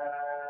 Uh,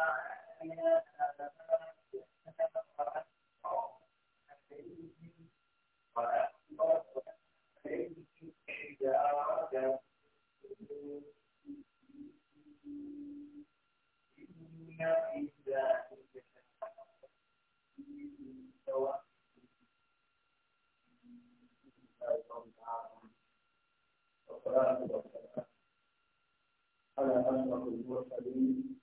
أشرف المرسلين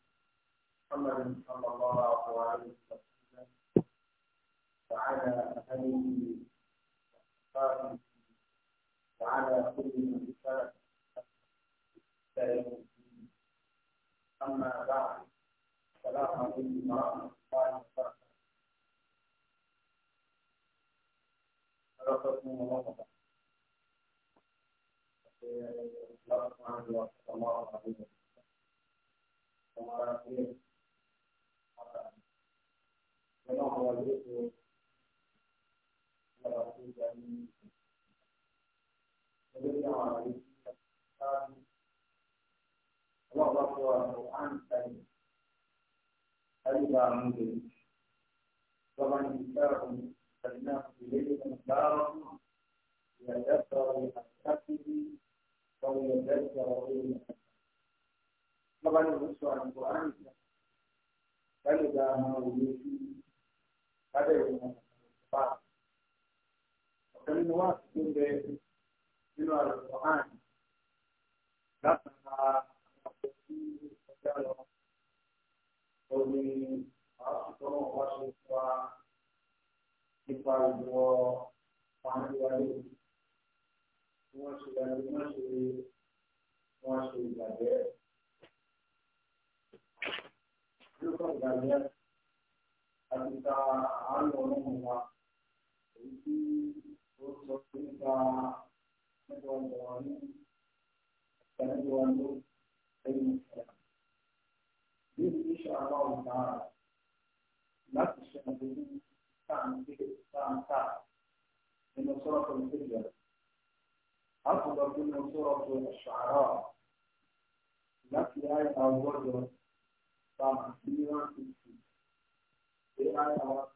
محمد صلى الله عليه وسلم وعلى آله له أي مكان بإذن شاء الله تعالى لا تشاهدون تعم به تعم تعم من سورة الهجرة أفضل من سورة الشعراء لك آية أول تعم كثيرا في السنة آية أول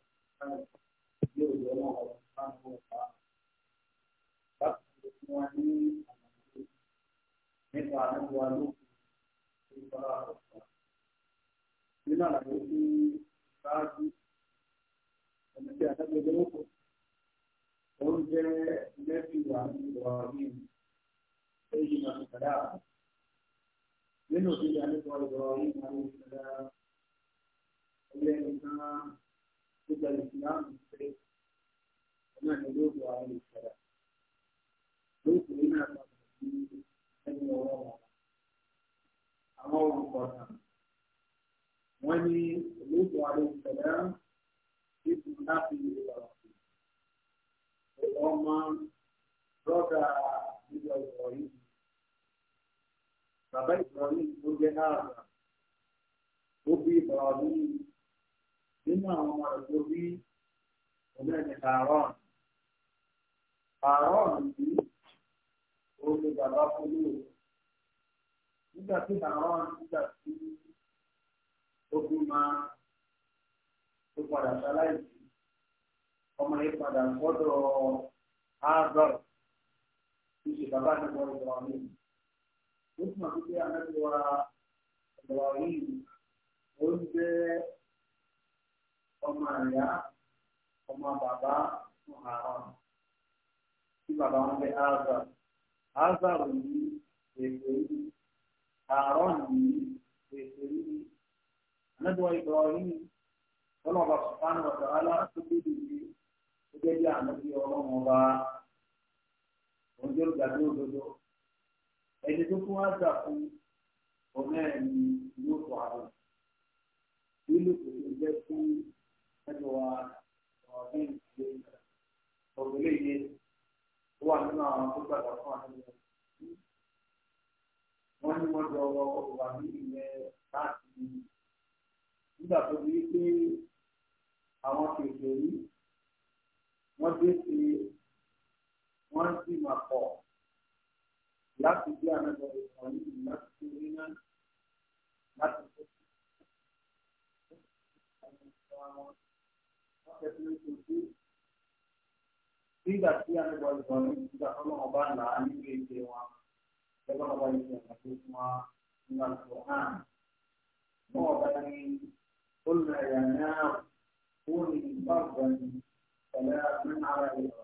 يرجو الله سبحانه وتعالى تقصد nípa àdúgbò alóòkú tó ń fara ọ̀sán. nínú àlàyé tí ṣáájú ọmọ tí adájọ́ ìjọba kò ó ń jẹ́ lẹ́bí wà ní ìwà rí èyí máa ń padà. nínú òfin ìyá nípa ìwà rí máa ń padà ẹlẹ́yìn náà tó gba ìsìláàmù pé ọmọ ìlú ìwà rí padà. lóòkù nínú àgbà kò sí nínú ọwọ́ wọn àwọn olùkọ́ náà wọ́n ní olóògùn àlejòṣẹ̀lẹ̀ títí láti ìlú ọ̀sẹ̀ ọmọ lọ́dà ìjọ ìwọ̀ yìí bàbá ìwọ̀ yìí ló jẹ́ ààrà ó bí ìbọ̀rọ̀ yìí nínú àwọn ọmọ rẹ̀ tó bí ọ̀gbẹ́ni àárọ̀ àárọ̀ yìí òun ni bàbá fúnlé o nígbà tí àwọn nígbà tí ogun máa tó padà ṣaláìsí ọmọ yìí padà gbọ́dọ̀ áàbà tí ṣe bàbá ní wọn ìgbà wọn yìí ó túmọ̀ sí pé anábìwá ìgbà yìí ó ń jẹ́ ọmọ àyà ọmọ bàbá fún àwọn tí bàbá wọn bẹ áàbà azaro yìí ètò yìí àárọ̀ yìí ètò yìí anábọ̀ ìbọ̀rin ọlọ́ọ̀bà sùpánù ọ̀dọ̀ aláàtúndì yìí gẹ́gẹ́ bí ànábì ọlọ́run ọba ọjọ́ ìgbàgbé òdodo ẹni tó fún àgbà fún ọmọ ẹni yóò fọ àrùn nílùú kò tó jẹ́ fún ẹni wa ọ̀gbìn ìgbé ọ̀gbìn lè wà nínú àwọn tó gbàgbà fún àwọn ọmọ wọn ni wọn lọ wà ní ilẹ̀ láti nígbà tó bí pé àwọn kèké rí wọn dé sí wọn sì máa pọ láti bí àmẹjọ ìtàn yìí láti fi rí náà láti fi rí náà wọn fẹẹ fi rí tó nígbà tí àgbẹ̀bọ̀ ìbọn ní ìgbà ọlọ́run bá là á nílé ìṣe wọn ẹgbẹ́ ọba ìṣe àti fún wa nígbà tó hàn mọ́ ọba ní olùrẹ̀yà náà ó ní ìbáwọ̀ ní ẹ̀lẹ́ ní ara ìrọ̀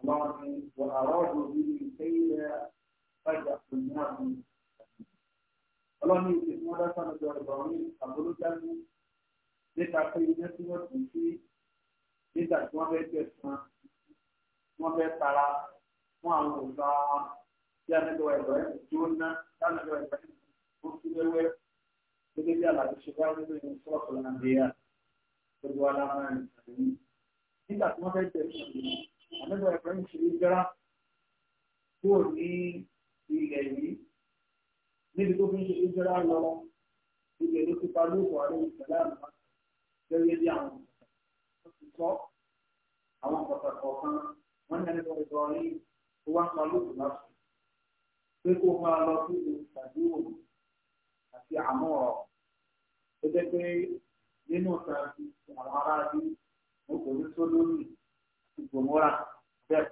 ọlọ́run ní wọ àrọ́ọ̀dù bí ìṣe ilẹ̀ fàjà tó ní àbí ọlọ́run ní ìṣe fún ọdá sánà jọ ìbọn ní àbúrúdá nígbà tí wọ́n fẹ́ tẹ̀sán wọ́n fẹ́ tara fún àwọn òǹkà tí a nílò ẹ̀rọ ẹ̀ tí ó ná tí a nílò ẹ̀rọ ẹ̀ tó fi wẹ́wẹ́ gẹ́gẹ́ bí àlàyé ṣe wá nínú ìlú sọ́ọ̀tù nàìjíríà gbogbo alámọ̀ ìtàgé nígbà tí wọ́n fẹ́ tẹ̀sán ànílò ẹ̀rọ ẹ̀ ṣe gbẹ́rà kúrò ní ilẹ̀ yìí níbi tó fi ń ṣe gbẹ́rà lọ ilẹ̀ ló ti pa lóògùn àrẹ ìtàlẹ́ àná sọ àwọn ọ̀pọ̀tọ̀ kọ̀ọ̀kan wọ́n ní ẹni lọ́wọ́ ìdọ̀rí tó wá ń pa lóògùn lásù pé kó máa lọ sí ìlú tàbí òòlù àti àmọ́ ọ̀rọ̀ tó jẹ́ pé nínú ìtàkì àwọn aráàlú wọn kò ní tó lórí ìgbòmọ́ra bẹ́ẹ̀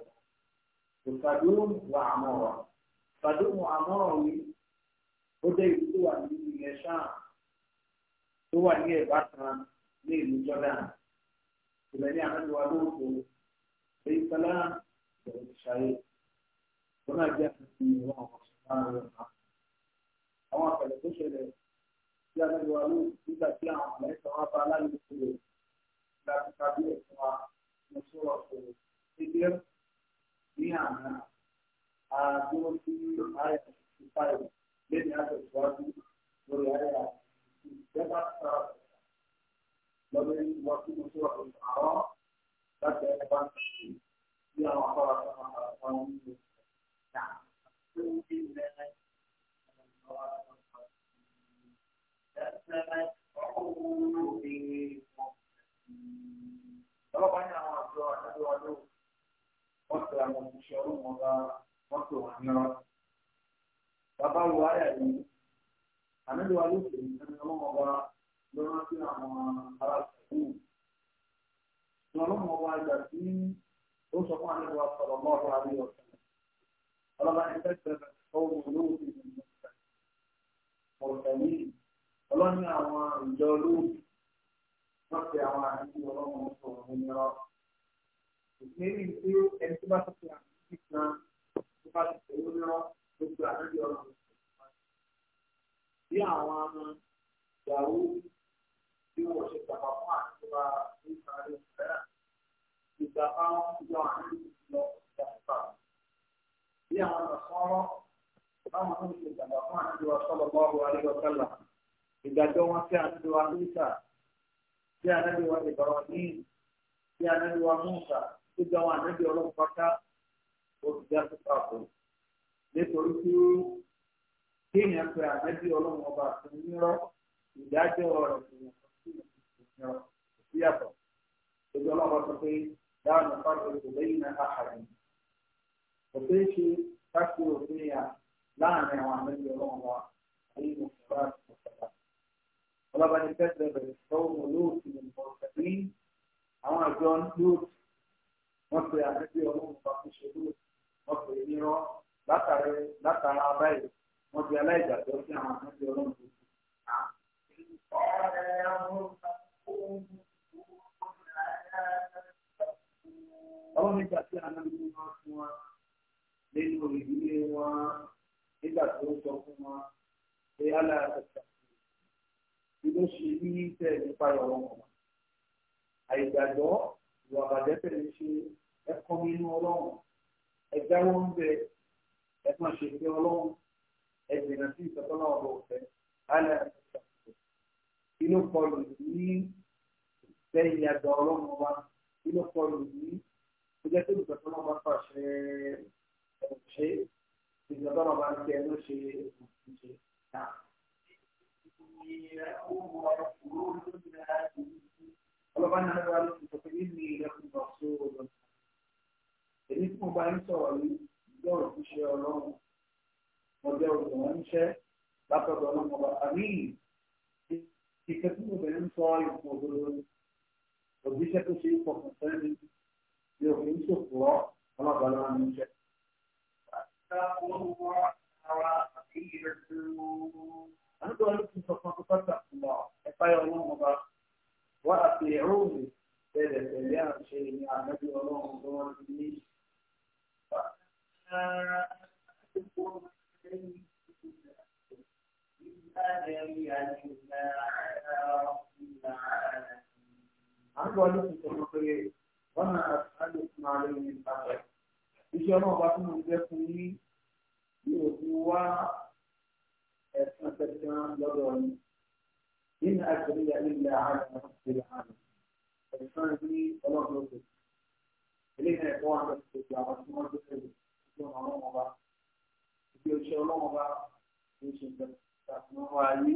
ìpàdé òòlù wà àmọ́ ọ̀rọ̀ ìpàdé òòlù àmọ́ ọ̀rọ̀ yìí ó jẹ́ ìlú tó wà ní ìyẹn ṣáà tó wà ní ẹ̀bá kan ní ìlú jọ́dá ìbẹ̀ ní àmàlù wa ló kó èyí sọlá ìbẹ̀rẹ̀ ti ṣayé wọn náà jẹ́ àfihàn ìwọ̀n ọ̀pọ̀ ṣùgbọ́n àwọn ọ̀pá àwọn àpẹẹrẹ tó ṣẹlẹ̀ tí àmàlù wa ló nígbà tí àwọn àmàlẹ́sọ wọn bá aláyé kúrò nígbà tí kábí ẹ̀sùn wa mo sọ̀rọ̀ kò ṣébíẹ́ ní àná àdúró sí àyà ìfàyè lẹ́yìn àtẹ̀síwájú lórí àyà ìjọba sọ̀rọ̀ lọ́dún wá sí mo sọ̀rọ̀ àárọ̀ láti ẹ̀ bá ń ṣe bí àwọn afárá tó máa bá wọn ní ìlú ìjà tó ń bí mẹ́rẹ́ ọlọ́pàá ní àwọn àjọ àdájọ́wájú wọ́n ti àwọn òṣìṣẹ́ ọlọ́wọ́n bá wọ́n tó wà nírọ́. bàbá wo ayà yìí àmì ìwà lóṣèlú ẹni ọlọ́wọ́n bá ló rántí àwọn ará sùkúù. Ìrànlọ́wọ́ ọmọ wa ìgbà tí ó sọ fún àlejò wa sọ̀rọ̀ mọ́ ọ̀rọ̀ àbí ọ̀sán. Ọlọ́ba ní fẹ́ẹ́ tẹ̀lé ọ̀hún olówó ti di ọ̀sẹ̀lì. Ọlọ́ni àwọn ìjọ olówó wọ́n pe àwọn àdúgbò ọlọ́run sọ̀rọ̀ nírọ̀. Ìpínlẹ̀ tí ẹni tó bá ti fi àmì sí kan tó bá ti tẹ̀lé nírọ̀ gbogbo àdúgbò ọlọ́run sọ̀rọ̀. Bí àwọn ìyàwó bí wọ́n ṣe gbàgbà fún àtúbà nípa rẹ̀ fẹ́ràn ìgbà bá wọn yọ àárín lọ ìjàpá. Bí àwọn ọ̀sánrọ́ báwọn tó ń ṣe gbàgbà fún àtúbà sọ́lọ̀ bọ́ọ̀lù alẹ́gbọ̀kẹ́là ìgbàjọ́ wọn sí àtúbà Lúìsà sí ànábìwá Ibrahim sí ànábìwá Mùsà tó jọ àwọn ànábì ọlọ́run pátá olùdí àtúbà Nítorí tí kéèyàn pe ànábì ọlọ́run àti nírọ̀ ìdájọ́ rẹ̀ sí yàtọ̀ ojú ọlọ́mọ sọ pé dáàmú fáwọn ètò lẹ́yìn àhàrẹ̀ kò sí ṣe káṣí òfin yà láàrin àwọn àmì ọlọ́mọ wa ayé ọlọ́run nígbà tí anábìyí wọn fún wa nínú ìdílé wọn nígbà tó ń sọ fún wa pé aláàtàtà tí ló ṣe ní tẹ̀ nípa ìrọ̀rùn wọn àìgbàgbọ́ ìwà àbàjẹ́ tẹ̀lé ṣe ẹ̀kọ́ nínú ọlọ́run ẹ̀dáwọ́ ń bẹ ẹ̀fọn ṣèṣe ọlọ́run ẹ̀dìnà sí ìtọ́tọ́nà ọ̀rọ̀ ọ̀fẹ́ aláàtàtà tí ló kọlù ní. lẹ́yìn àgbà ọlọ́run ọba nínú pọ̀lù yìí ó jẹ́ pé ìgbà tó náà bá pàṣẹ ṣe ìgbà tó náà bá ń tẹ ló ṣe ìṣe náà. ọlọ́ba náà wà lóṣù tó fi ní ìrẹ́kùn lọ sí ọ̀rọ̀ èyí tí mo bá ń sọ̀rọ̀ yìí ìjọ òṣìṣẹ́ ọlọ́run ọjọ́ òṣìṣẹ́ ń ṣẹ́ látọ̀dọ̀ ọlọ́run ọba àmì ìkẹ́kùn obìnrin sọ ìpò òdòdó òjíṣẹ́ tó ṣe é fọkàn sẹ́ni ni òfin ṣòfò ọ́ ọlọ́bàá lọ́wọ́ ní iṣẹ́. Àdúgbò ọdún ti sọ fún akọ́kọ́tà lọ ẹ̀fá yọ ọlọ́run ọba wá àti ẹ̀rọ òní bẹ̀rẹ̀ pẹ̀lú àṣẹ ní àmẹ́bí ọlọ́run lọ́wọ́ ní ní. Thank you àgbọ̀ ọlọ́sùn tó mọ̀ pé wọ́n máa alòsùn ààrẹ òní ìpàdé iṣẹ́ náà bá tún jẹ́ fún yín bí òfin wá ẹ̀sán tẹ̀sán lọ́dọ̀ yín nínú àgbẹ̀lẹ̀ ilẹ̀ ààrẹ ìpínlẹ̀ ààrẹ ẹ̀sán ní ọlọ́run òkè eléyìí ẹ̀kọ́ wọn lọ sí àwọn tí wọ́n gbé fẹ́ ìjọ ọlọ́run ọba ìgbé oṣù ọlọ́run ọba oṣù tẹ̀sán wọn wáyé.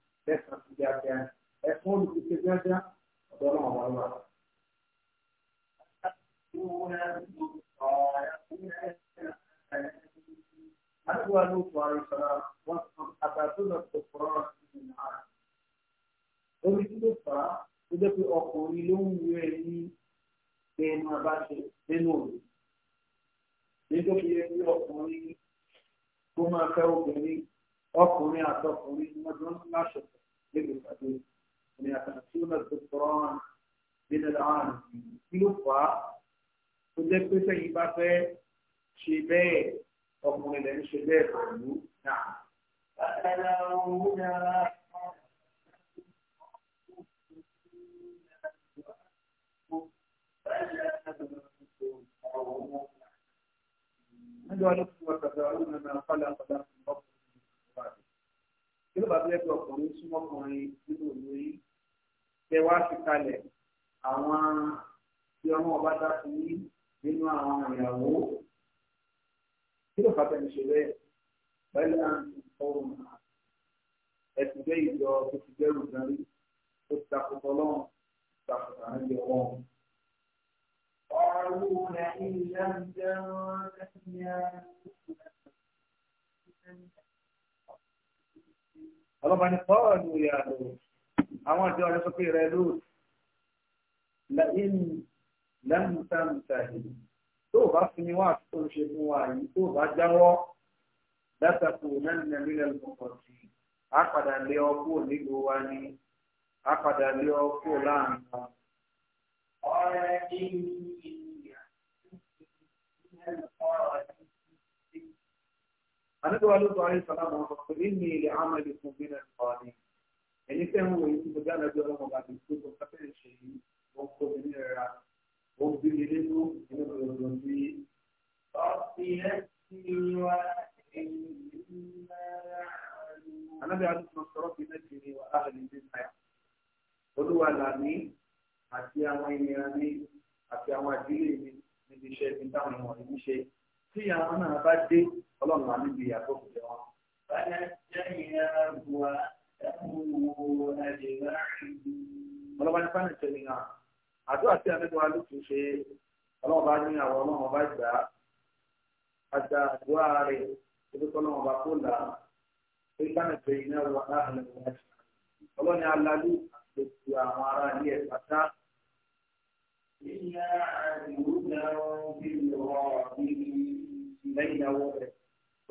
lẹ́sàn sí dáadáa ẹ̀fọn olùkíṣe dáadáa ọ̀dọ́ náà wà wà. Adúlá ló fọ àrùsọ̀rọ̀ wọn sọ àbàtò lọ sí ọ̀pọ̀rọ̀ ìrìn àrà. Omi tí ló fà á ló jẹ́ pé ọkùnrin ló ń wú ẹ ní ẹnu abáṣe nínú òru. Nítorí ẹni ọkùnrin tó máa fẹ́ obìnrin ọkùnrin àtọkùnrin ni wọ́n jọ ń láṣepọ̀ níbi ìpàdé ní àtàkùnrin àtọkùnrin nínú àárín kí ló fà á tó jẹ́ pé sẹ́yìn bá fẹ́ ṣe bẹ́ẹ̀ ọkùnrin lẹ́nu ṣe bẹ́ẹ̀ pẹ̀lú náà. من يعرف وتدعون ما خلق لكم ربكم kí ló bá tó yẹ kí ọkùnrin súnmọ́ ọkùnrin nínú òlò yìí tẹ wá fi kalẹ̀ àwọn tí ọmọ ọba dá fún yín nínú àwọn ìyàwó kí ló fà tẹ̀ ń ṣe bẹ́ẹ̀ pẹ̀lú àǹtí ìjọ tó ti dẹ́rù gan rí tó ti takùtà ọlọ́run takùtà níbi ọwọ́. قالوا لئن لم تنته يا ọlọ́ba ni pọ́ọ̀lù ìyàlò àwọn àti ọ̀rẹ́ sọ rẹ ló lẹ́yìn lẹ́mùtàmùtàhì tó o bá fi ni wá àti tó o ṣe fún wa yìí tó o bá jáwọ́ látàkù nánà nílẹ̀ lọ́kọ̀ọ̀tì á padà lé ọ kúrò nílùú wa ní á padà lé ọ láàrin wa. ọ̀rẹ́ ìlú ìyá ìlú ìyá ìlú ọ̀rẹ́. Ànábì wa lóòótọ́ ayé sọ̀rọ̀ àwọn ọmọ pé ní ilé àmọ́ ilé fún bí náà sọ̀rọ̀ ni. Ẹni tẹ́ ń wo èyí tó dáná bí ọlọ́mọ bá ti tó tó kápẹ́ ìṣe yìí, wọ́n kó mi ní ẹ̀ra, ó bí mi nínú inú òdòdó bí. Ànábì wa lóòótọ́ sọ̀rọ̀ bí náà ti ní wàhálà ní bí náà. Olúwa làmí àti àwọn ènìyàn mi àti àwọn àdílé mi níbi iṣẹ́ mi táwọn ìwọ̀n ìbí ṣe tí àwọn náà bá dé ọlọ́run wà níbi ìyàtọ̀ kò jẹ wọn. bàbá jẹ́yìn àgùwà ẹ̀kúnwó ẹ̀dẹ̀rẹ̀ ọlọ́ba ní fáwọn ìṣẹ̀lẹ̀ náà àdúrà tí àmì wa ló ti ṣe ọlọ́run bá ní àwọn ọlọ́run ọba ìgbà àjà àdúrà rẹ̀ ebi kọ́ ọlọ́run ọba kó là pé fáwọn ìṣẹ̀lẹ̀ náà wà láàrin ọlọ́run alalú àti àwọn ará ilé ẹ̀ pátá. ìyá àdúrà wọn bí lẹ́yìn ìyàwó rẹ̀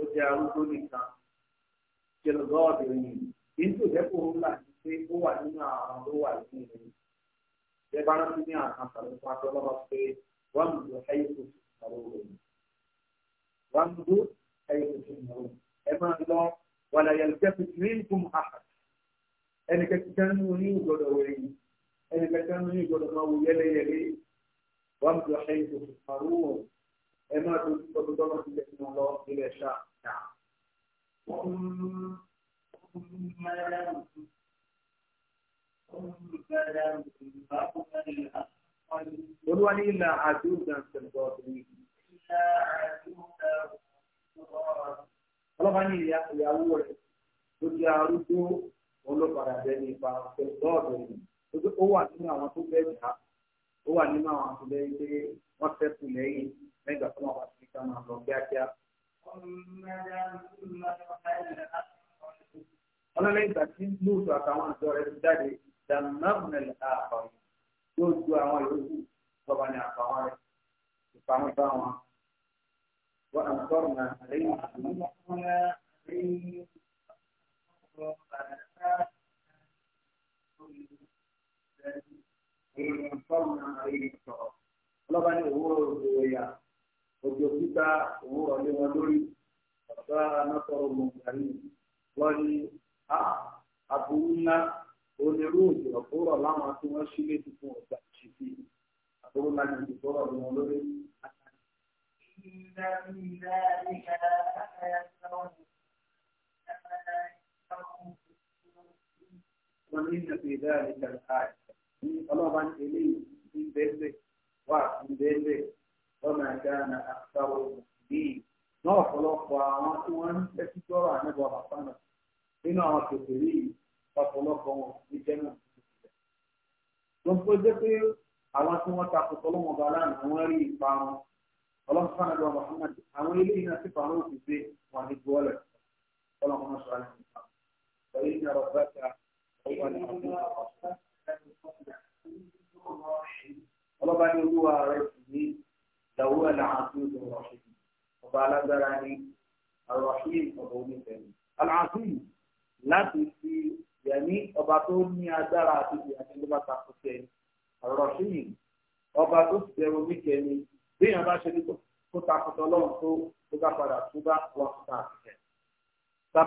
ó jẹ́ arúgbó nìkan jẹlọgọ́ọ̀dù yìí nítorí ìjẹ́pọ̀ ńlá ni pé ó wà nínú àwọn tó wà nínú rẹ̀ bẹ́ẹ̀ bá rántí ní àwọn àtàlẹ́ fún akọ́ lọ́wọ́ pé wọ́n ń lo ẹ̀yẹ́kù ìnáwó rẹ̀ wọ́n ń lo ẹ̀yẹ́kù ìnáwó ẹ máa lọ wàlà yẹlẹ́jẹ́pù nínkum àhà ẹnì kẹkẹ nínú yín gbọdọ̀ wẹ̀ yìí ẹnì kẹkẹ nínú ẹ máa tó ti tọ́jú tọ́lọ́ sílẹ̀ sí wọn lọ nílẹ̀ ṣá. Olúwa ní ilà àdúgbò ṣẹ̀dọ̀ ọ̀sẹ̀ Ọlọ́pàá ní ìyàwó rẹ̀ ló jẹ́ arúgbó olópadà jẹ́ ní ipa ṣẹ̀dọ̀ ọ̀sẹ̀ yìí. Ó wà nínú àwọn tó bẹ́ẹ̀ jà, ó wà nínú àwọn tó bẹ́ẹ̀ pé wọ́n àtàwọn ìjọ rẹ̀ ti jáde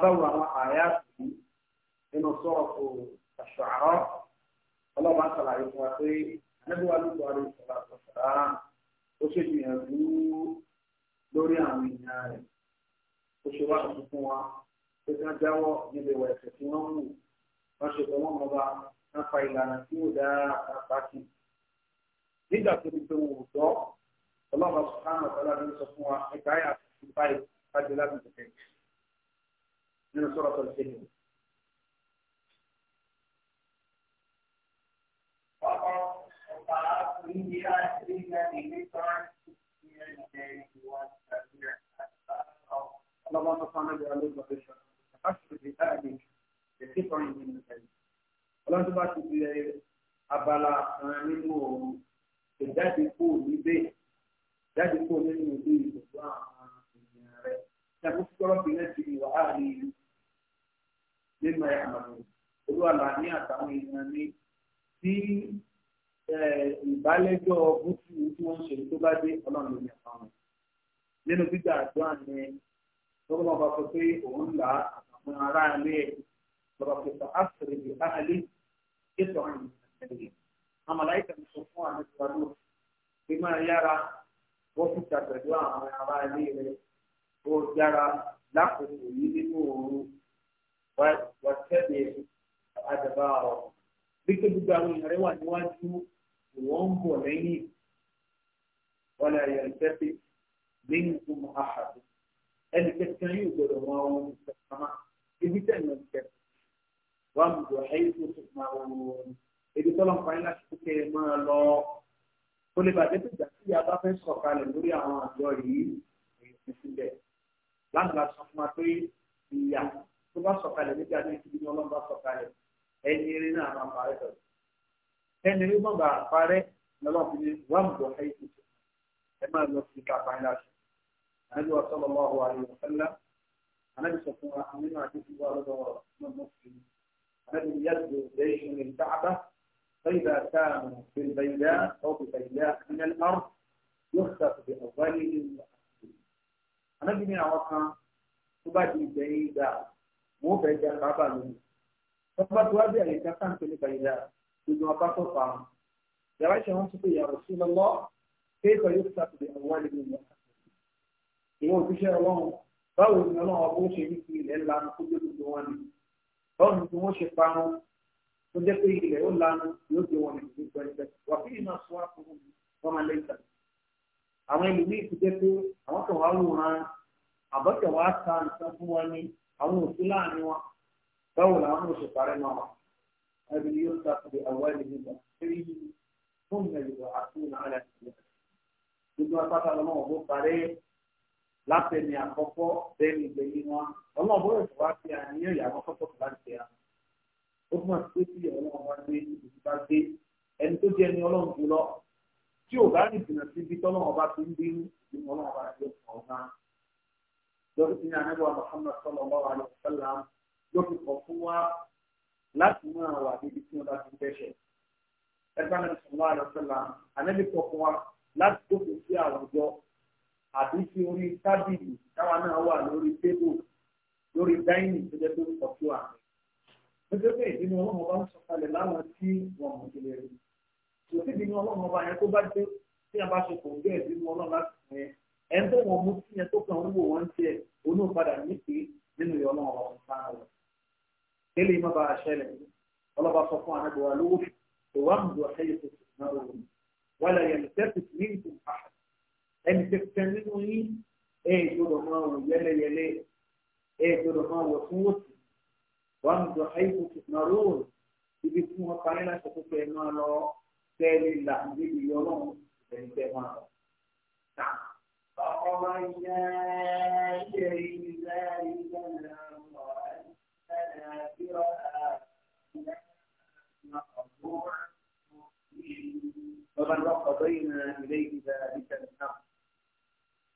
bá wo àwọn àyà sí nínú sọ́ọ̀tù àṣàrọ̀ ọlọ́run àṣàlàyé fún wa pé anábíwá ló wà lórí ìṣọ̀lá àṣàrà ó ṣe gbìyànjú lórí àwọn èèyàn rẹ̀ ó ṣe wá tuntun fún wa pé kí wọ́n jáwọ́ níbi ìwà ẹ̀sẹ̀ tí wọ́n wù wọ́n ṣe pé wọ́n mọba wọ́n fa ìlànà tí ó dáa pàtàkì nígbà tó ti pé wò tọ́ ọlọ́run àṣàrà ọ̀tọ́lá ló ń sọ fún wa ẹ̀ka ayà àti ìbáyìí fájọlá mi tẹ̀lé nínú sọ̀rọ̀ tó ń ṣe nìyí. اللهم صل على محمد وعلى àṣìṣe ìdáàbò ẹ̀sí kan ìlú nìkan. ọlọ́run tó bá ti di abala kan nínú òun ìjáde kó níbẹ̀ ìjáde kó nínú ìlú ìdòdó àwọn ènìyàn rẹ̀. ṣàkóso tọrọ fi náà ti wàhálà ìlú nínú àmàlù olúwàlà ní àtàwọn èèyàn ní tí ìbálẹ́jọ́ bútù tí wọ́n ń ṣe tó bá dé ọlọ́run ní àwọn nínú gbígbà àdúrà ni lọ́wọ́ máa bá sọ pé òun là àwọn ará ilé ẹ̀ lọ́wọ́ pé sọ àṣírí bí áhàlì ètò àmì ẹ̀dẹ̀gẹ̀ àmàlà ìtàn sọ fún àmì ìwádìí pé máa yára wọ́n fi tàbẹ̀dọ́ àwọn ará ilé rẹ̀ ó yára lákòókò yìí nínú òru wàtẹ́bẹ̀ àdàbà ọ̀rọ̀. bí kébù gba àwọn èèyàn rẹ wà níwájú ìwọ̀n ń bọ̀ lẹ́yìn wọlé ayẹ̀lẹ́tẹ́fẹ́ lẹ́yìn tó mọ àhàdù. ẹnì kẹta yóò gbọdọ̀ wọn àwọn olùsọ̀kàmá ibi tẹ̀ ní ọ̀kẹ́. wàá mú bọ̀ ẹ̀yìn tó tó máa wọ wọn. ebi tọ́lọ̀ nǹkan yín láti kókè máa lọ. kó lè bàjẹ́ pé ìgbà yàrá fẹ́ sọ̀kalẹ̀ lórí àwọn àjọ yìí èyí ní ibi ní ọlọ́run bá sọ̀kalẹ̀ ẹni eré náà máa parẹ́ sọ̀rọ̀ ẹni eré máa bá parẹ́ lọ́lọ́run fi ní wàá mọ̀ ẹ́ ìtòkè ẹ máa lọ sí ká báyìí láṣẹ ànábi wa sọlọ lọ àwọn àyè ọ̀sánlá ànábi sọ fún wa nínú àdéhùn wa lọ́dọ̀ mọ́mọ́ sí i yàtọ̀ lẹ́yìn ní dáàbà فإذا wọ́n fẹ́ jẹ àkábà lónìí. Bàbá tí wàá bẹ̀rẹ̀ ìjà káńtó nípa ìyá gbogbo apá tó fa wọn. Yàrá ìṣẹ̀ wọn tún pé ìyàwó sí lọ́lọ́ kéèkọ̀ yóò sàtìlẹ̀ àwọn àlejò ìyá. Ìwọ òṣìṣẹ́ ọlọ́run báwo ni ọlọ́run ọbọ̀ ṣe ní ti ilẹ̀ lanu kó dé gbogbo wọn ni. Báwo ni wọ́n ṣe parun tó jẹ́ pé ilẹ̀ ó lanu yóò gbé wọn ní gbogbo ẹgbẹ́. Wà fí iná sọ àkókò wọn máa lè tà. Àwọn ẹlòmíì ti jẹ́ pé àwọn kan wá wòran àbọ̀tẹ̀ wá ta nǹkan fún wọn ní àwọn òkú láàrin wọn báwo làwọn oṣù parẹ́ náà wà ẹbí yóò sàkóso àwọn ẹni nígbà tẹ́lẹ̀ yìí fún ìrìnàjò àtúnà àlẹ́ ìgbà gbogbo apáta lọ́mọ òbó parẹ́ látẹ̀mí àkọ́kọ́ bẹ́ẹ̀ni ìgbẹ̀yìn wọn ọlọ́run bó yẹ wá sí àníyàn ìyàwó kọ́kọ́ tó bá ti tẹ̀ àwọn ó fún àti pé tí ọlọ́run bá gbé ibi bá gbé ẹni tó jẹ́ ni ọlọ́run jù tí ò bá ní ìdìnnà síbi tọ́lọ́run bá ti ń bínú ìdìnnà ọlọ́run bá ti ń lórí ti ní anábọ̀ Muhammad sallallahu alaihi wasallam lórí kọ̀ fún wa láti máa wà níbi tí wọ́n bá ti dẹ́ṣẹ̀. ẹgbẹ́ náà sallallahu alaihi wasallam anábì kọ̀ fún wa láti dókòó sí àwùjọ àbí sí orí tábìlì táwa náà wà lórí tébù lórí dáínì tó jẹ́ tó ń pọ̀ tó àná. Gbogbo pé ìdínú ọlọ́run bá ń sọ̀kalẹ̀ láwọn tí wọ́n mọ̀ ìjìnlẹ̀ rẹ̀. Kò sí ìdínú ọlọ́run ọba yẹn tó bá dé tí a bá ṣe kò ń gbé ìdínú ọlọ́run láti fún yẹn ẹni tó wọn mú sí yẹn tó kàn ń wò wọn tiẹ̀ onú padà nípe nínú ìyọ́nà ọ̀rọ̀ sáà rẹ̀ kéle má bàa ṣẹlẹ̀ ọlọ́ba sọ fún àwọn àgbà lówó ìwà mùdù ọ̀ṣẹ́yẹ tó náà lórí wàlá yẹn tẹ́sí ní ìtùn tẹ́tẹ́ nínú yín ẹ̀ gbọ́dọ̀ máa wò yẹlẹyẹlẹ ẹ̀ gbọ́dọ̀ máa wò fún wòsì wàá mùdù ọ̀ṣẹ́yẹ tó ti náà lórí ibi tí wọ́n ومن جاء إليه ذلك ومن وقضينا إليه ذلك الأمر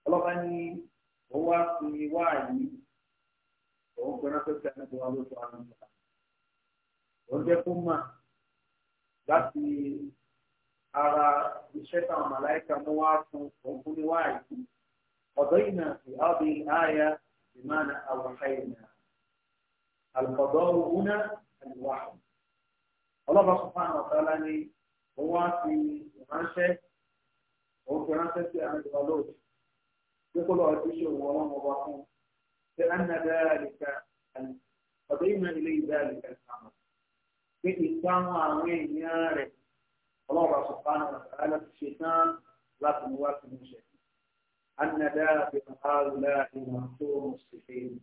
طلبني هو في وعي وهو كنت كان هو سبحانه وتعالى وجدكم láti ara iṣẹ́ táwọn màláìka mú wá fún òun fún níwáyé قضينا في هذه الآية بمعنى أوحينا القضاء هنا الوحي الله سبحانه وتعالى هو في رانشة هو في رانشة في أنجلوس يقول أرتشه ولم وضعهم لأن ذلك قضينا إليه ذلك الأمر في إسلام عمين يارب الله سبحانه وتعالى في الشيطان لا تنوات من شيء أن دابر هؤلاء محصور مصلحين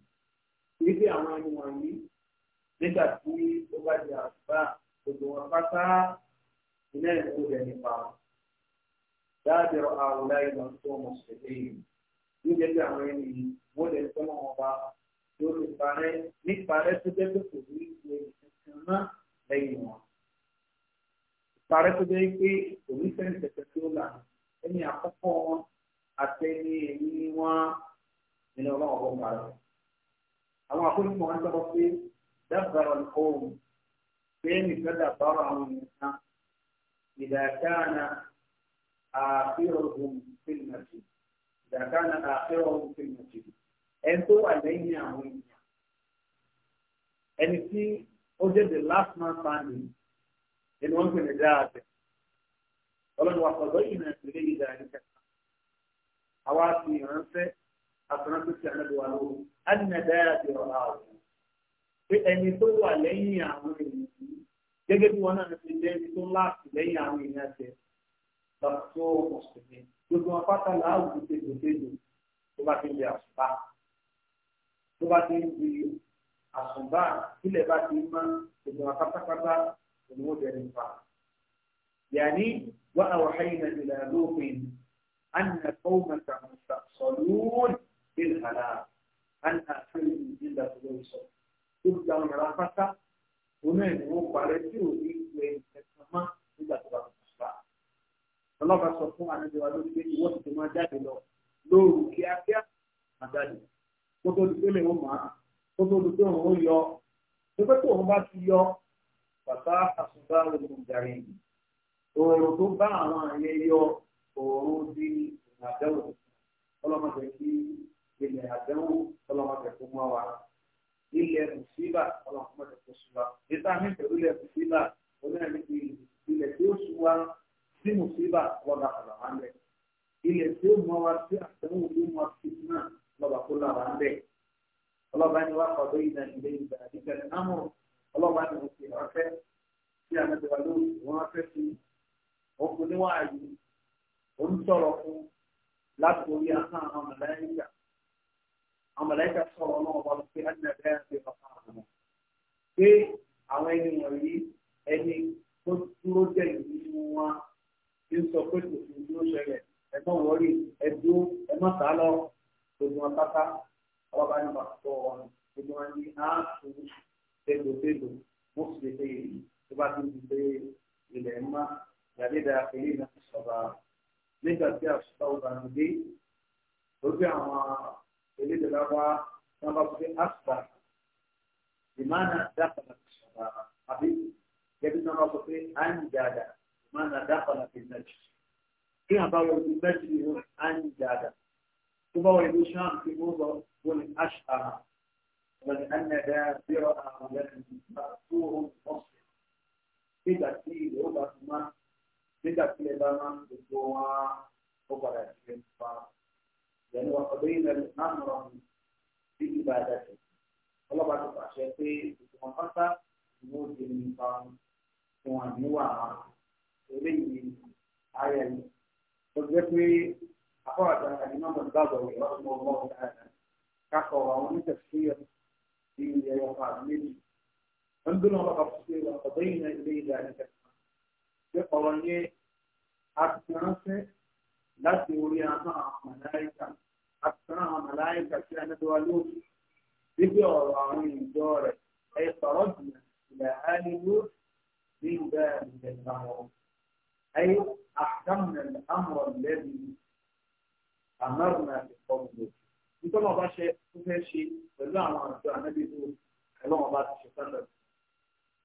ibi àwọn ẹni wọ̀nyí nígbà tí ó bá di àgbà gbogbo wọn pátá iná ìlú rẹ̀ nípa dáàbì àwòrán ìlànà tó mọ̀ sílẹ̀ yìí nígbà tí àwọn ẹni yìí wọ́n lè tọ́ wọn bá yóò lè parẹ́ níparẹ́ tó jẹ́ pé kò ní ìwé ìṣẹ̀kan náà lẹ́yìn wọn. ìparẹ́ tó jẹ́ pé kò ní sẹ́ni tẹ̀tẹ̀ tí ó là ẹni àkọ́kọ́ wọn àtẹni èyí wọn nínú ọlọ́run ọ̀bọ̀n parọ́. àwọn àkójúmọ̀ wọn sọ pé dábàrọ̀ ohun pé nìkan dàbọ̀rọ̀ àwọn nìkan ìdàkánà àfihàn fílmàtì ìdàkánà àfihàn fílmàtì ẹni tó wà lẹ́yìn àwọn èèyàn ẹni tí ó jẹ́ the last man standing ẹni wọ́n ń pè ní wa sọ̀rọ̀ yìí náà ti lé ìdá ẹni àwa fi ìránṣẹ́ àtúnrántí sí ànábìwá lóru ánìmẹ̀dáyà ti rọ̀ àwọn pé ẹni tó wà lẹ́yìn àwọn èèyàn yìí gẹ́gẹ́ bí wọn náà ti jẹ́ ẹni tó láàfin lẹ́yìn àwọn èèyàn jẹ lọ́sọ mùsùlùmí gbogbo wọn pátá láàwùjọ tẹ̀gbọ̀tẹ̀gbọ̀ tó bá ti di àṣùbá tó bá ti di àṣùbá sílẹ̀ bá ti mọ́ gbogbo wọn pátápátá òun ó yàní wàhálà wàhálà ìlànà lópin. أن قومك مستقصلون بالهلاك أن أخذهم إلا فلوسا تبدأ مرافقة ومن هو قالتي وإيه كما إلا فلوسا الله سبحانه وتعالى يقول في وقت ما جاء له لو كيا كيا ما جاد kó tó di pé lè wọ́n máa kó tó di pé òun ó yọ pípẹ́ tó òun bá ti yọ ورود العدو طالما ذكي إلا عدو طالما ذكي موعد إلا مصيبة طالما ذكي مصيبة يتعمل إلا مصيبة هناك إلا تيوسوا في مصيبة ودخل عليك إلا تيوم موعد في أحسنه يوم موعد فتنة ودخل عليك الله بأن وقضينا إليه بأديك الأمر الله بأن وفي عفة في أمد ولوث وعفة وقل وعيه ó ń sọ̀rọ̀ fún láti orí ahọ́n àwọn màláíkà àwọn màláíkà sọ̀rọ̀ náà wà pé àdínàbẹ́ àti bàbá àwọn pé àwọn ènìyàn yìí ẹni tó dúró jẹ́ ìlú wọn ti ń sọ pé kò sí ìlú ṣẹlẹ̀ ẹ má wọrí ẹ dúró ẹ má sá lọ gbogbo wọn pátá ọba bá ní bàbá tó gbogbo wọn ní àásù tẹlifíṣẹlò wọn sì lè ṣe èyí tó bá ti di pé ilẹ̀ ń má yàrá ìdá ilé náà sọ̀rọ̀ nígbà tí àṣìṣe ọ̀daràn dé lórí àwọn elédè lábá wọn bá fi àṣìṣe ìmáàna dákàlà ìṣọ̀ra àbí gẹ́gẹ́ bí wọn bá fi àǹjàdà ìmáàna dákàlà ìnájì kí wọn bá wọ ibi méjì ní àǹjàdà tó bá wọ ibi sàn kí wọn bá wọn ní àṣìṣe ولأن دابر أعمال مأثور مصر إذا قيل هو ما nígbà tí ẹ bá máa ń gbogbo wọn ó padà sí ẹ fa ìyẹn wọn ọdún yìí lẹnu náà ń rọrùn sí ìgbà àdàtì ọlọ́pàá ti pàṣẹ pé gbogbo wọn pátá ni wọ́n ti ní ipa fún àníwá àwọn eléyìí ayẹ ni ó jẹ́ pé àfọwọ́dà àdìmọ́mọ́ ìgbàgbọ́ rẹ̀ wọ́n mọ ọmọ ọ̀gá rẹ̀ kákọ̀ àwọn onítẹ̀síyọ̀ ní ilẹ̀ ọkọ̀ àdúgbò wọn gbé wọn lọ́kọ̀ pé ọ̀rọ̀ yẹn àtúnṣe láti orí àwọn màláìka àtúnṣe àwọn màláìka tí a ní tó wá lóòtù bíbí ọ̀rọ̀ àwọn ìjọ rẹ̀ ẹ̀ sọ̀rọ̀ jùlọ ilẹ̀ ayélujú ní ìgbà ìgbà ìgbàwọ̀ ayé àdámùnẹ̀ àmọ̀ lẹ́bi àmọ́rùnà ìfọ̀gbọ̀ nítorí wọn ṣe tó fẹ́ ṣe pẹ̀lú àwọn àjọ ànábìbò ẹlọ́wọ́n bá ti ṣe sọ́dọ̀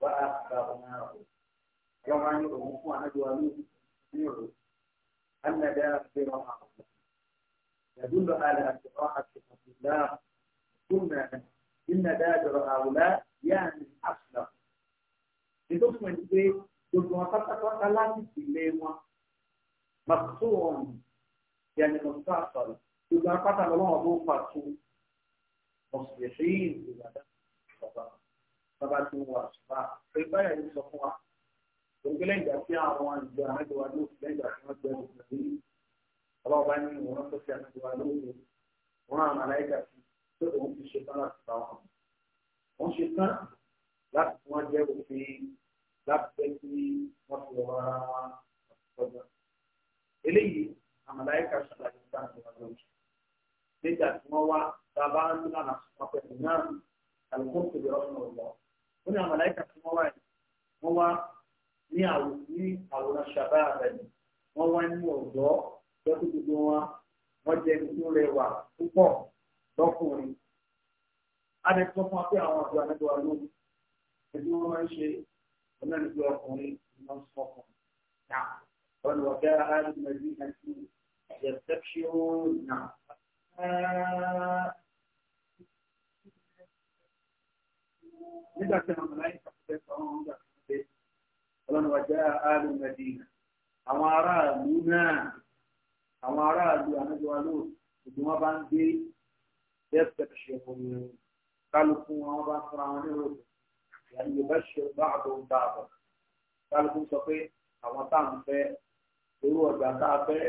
wá àgbà ọ̀nà àwọn yau ma ni rubu kuma na duwa ni ni rubu anna da bi ma يدل على أن قراءة صفات الله ثم إن دابر هؤلاء يعني أصلا ìdókòwò ní pé gbogbo wọn pátápátá láti ìpìlẹ̀ wọn màkúrún yẹnì mọ̀tò àsọ̀rọ̀ gbogbo wọn pátá lọ́wọ́ wọn bó pàtó mọ̀sùlùmí ìgbàdá ọ̀bà bàbá tó wà ṣùgbọ́n ìgbàdá yìí sọ fún wa Porque lembra que a uma jornada do adulto, lembra que nós temos aqui, ela vai em uma associação do adulto, uma malaika que todo mundo se chama na sala. Um chitã, lá com a dia o fim, lá tem que uma flora, ele a malaika chama de chitã do adulto. Veja como lá, trabalhando lá na sua perna, ela conseguiu o nome. Quando a malaika chama lá, como lá, ní àwòrán ṣàbá rẹ̀ ni wọ́n wá ní ọ̀dọ́ lọ́kù gbogbo wọn wọ́n jẹ́ ikú rẹwà púpọ̀ lọ́kùnrin. adẹ́sọ́ fún wa pé àwọn ọ̀dọ́ àdẹ́gbẹ̀wá lóhùn ẹni wọ́n máa ń ṣe ọlọ́nìgbẹ́ ọkùnrin ni wọ́n sọ fún un. náà wọ́n lọ bẹ́ aráàlú mẹ́rin náà sí reception nígbà tí àwọn ọmọ láyé sọ fún ẹ̀sọ́ ọlọ́run wájà áàlù mẹ́dínà àwọn aráàlú náà àwọn aráàlú ànájọwá lóò gbogbo wọn bá ń gbé dẹ́pẹ̀ṣẹ̀ ọ̀hún kálukú wọn bá fúnra wọn ní rògbò ìyàní yorùbá ṣe bá àbọ̀ ń bá àbọ̀ kálukú sọ pé àwọn tá à ń fẹ́ irú ọjà tá a fẹ́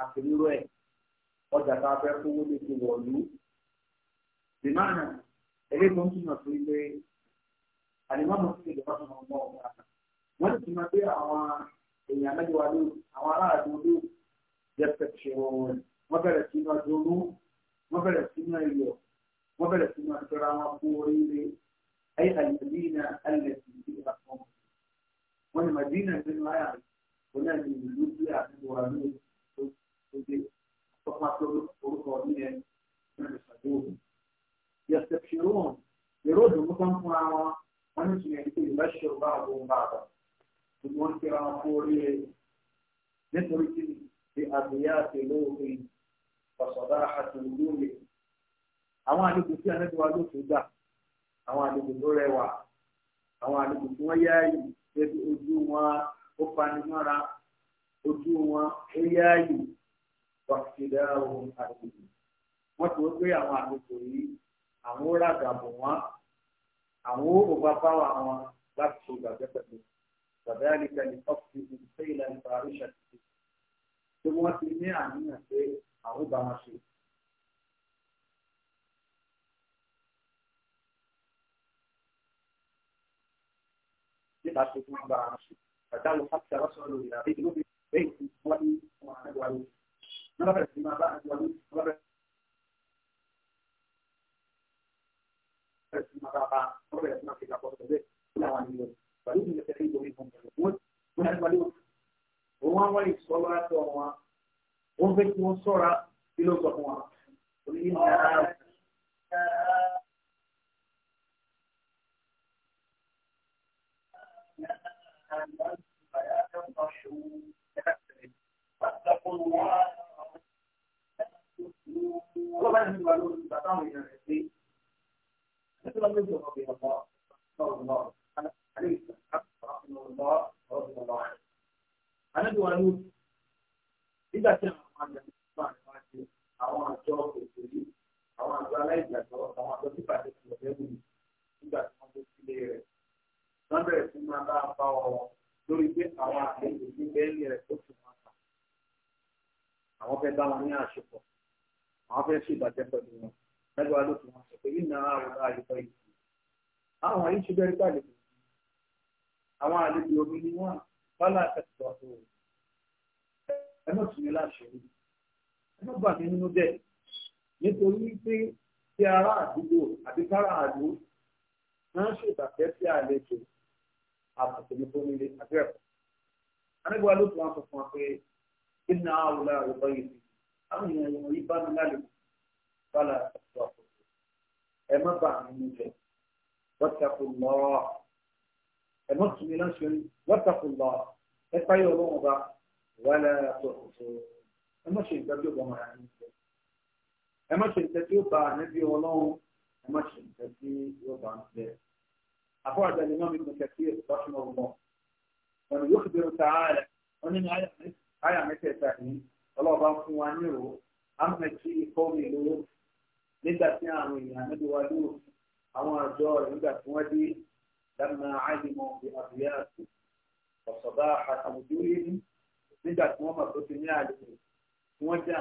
àti rírọ ẹ̀ ọjà tá a fẹ́ kówó lè ti wọ̀lú. bìmánà eléyìí tó ń túmọ̀ sí pé àlìmọ́ mọ̀ sí ìdọ́sùn ọmọ ọ̀gá àgbà. wọ́n ti mọ̀ pé àwọn èèyàn mẹ́jọ wa ló àwọn aráàlú ló yẹ pẹ̀ṣẹ̀ wọn wọ́n bẹ̀rẹ̀ sí máa dúró wọ́n bẹ̀rẹ̀ sí máa yọ̀ wọ́n bẹ̀rẹ̀ sí máa tọ́ra wọn kú oríire ayé àlùmọ́dínà alẹ́sìn sí ìlà kan wọ́n ní màdínà nínú ayà wọn náà ní ìlú tí àtúntò wa ló tó dé tọ́pọ̀ àti orúkọ nílẹ̀ náà ṣàdéhùn yẹ pẹ̀ṣẹ̀ wọn èrò ìdùnnú kan fún wa wọn ní tìǹyẹ̀ ìbáṣẹ̀ bá àwọn bá a bá a. ṣùgbọ́n kí wọ́n kú oríire nítorí kí ni àbíyá àtẹlóòfin ọ̀sọ̀dá àtẹlóòfin àwọn àlejò tí anájú wa ló tún gbà àwọn àlejò tó rẹwà àwọn àlejò tí wọ́n yá yìí débi ojú wọn ó fanimọ́ra ojú wọn ó yá yìí wàkìdá ohun àlejò wọ́n ti wọ́n pé àwọn àlejò yìí àwọn ó ràgàbọ̀ wọn àwọn ó bàbá wa wọn láti ṣe ìgbàgbẹ́ pẹ̀lú. فذلك لقصده سيل الفاحشة ثم تنمي عن سيل أو نشيط فقالوا حتى وصلوا إلى بيت بيت ولي وعن ولي نظر فيما بعد ولي نظر فيما بعد نظر فيما بعد نظر فيما بعد نظر بعد pẹ̀lú ìdílé tẹ̀lé ìdòwò ìbò wọn wọn àti pàdé wọn. wọ́n wá wọ́n ìsọ́ra tó wọn wọ́n fẹ́ kí wọ́n sọ́ra kí ló sọ fún wa. Ọlọ́pàá yẹn ti wà lórí bàtà àwọn èèyàn rẹ̀. jẹ́rí pàdé. páyọ̀ ọlọ́run ọba wà lára tó ọ̀tọ̀ ẹ má ṣe nǹkan tí ó bá wọn àárín jẹ ẹ má ṣe nǹkan tí ó bá ànábì ọlọ́run ẹ má ṣe nǹkan tí ó bá ń jẹ. àfọwọ́ àgbàdo náà mi kò kẹ́kẹ́ ẹ̀sọ́ fún ọmọ ọ̀nà yóò fi bẹ̀rù tààrà wọn nínú àyà mẹ́tẹ̀ẹ̀ta yìí ọlọ́ọ̀bá fún wa ní ìrò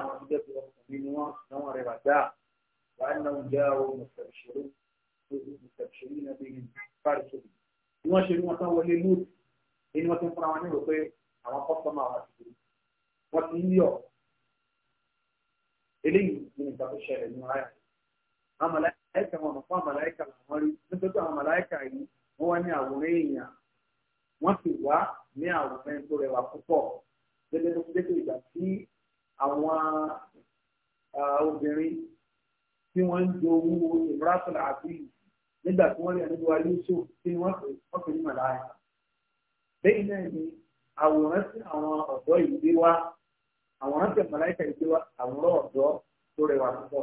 àwọn tó jẹ́ pé ọkùnrin ni wọ́n náwọn rẹ̀ bàjá wà á náà jẹ́ àwọn mùsàlùsọ̀rọ̀ mùsàlùsọ̀rọ̀ yìí náà bí fárí sóbì bí wọ́n ṣe ní wọ́n tán wọlé lóòtù èyí wọ́n ti ń fúnra wọn nírò pé àwọn kọ́sọ́mà wà sí i wọ́n ti ń yọ̀ eléyìí ni nǹkan tó ṣẹlẹ̀ ní ara àwọn màláìka wọn mọ̀ fún àwọn màláìka làwọn rí nítorí àwọn màláìka yìí wọ́n wá ní àwòrán èèyàn wọ́n sì wá ní àwòrán tó rẹwà púpọ̀ gẹ́gẹ́ tó dé ìgbà tí àwọn obìnrin tí wọ́n ń do owó ìmúrasọ̀lá àti nígbà tí wọ́n rí àdúgbò ayéṣó tí wọ́n pè wọ́n pè ní màláyà. lẹ́yìn náà ni àwòrán sí àwọn ọ̀dọ́ ìdílé wa àwòrán sí màláyà ìdílé wa àwòrán ọ̀dọ́ tó rẹwà púpọ̀.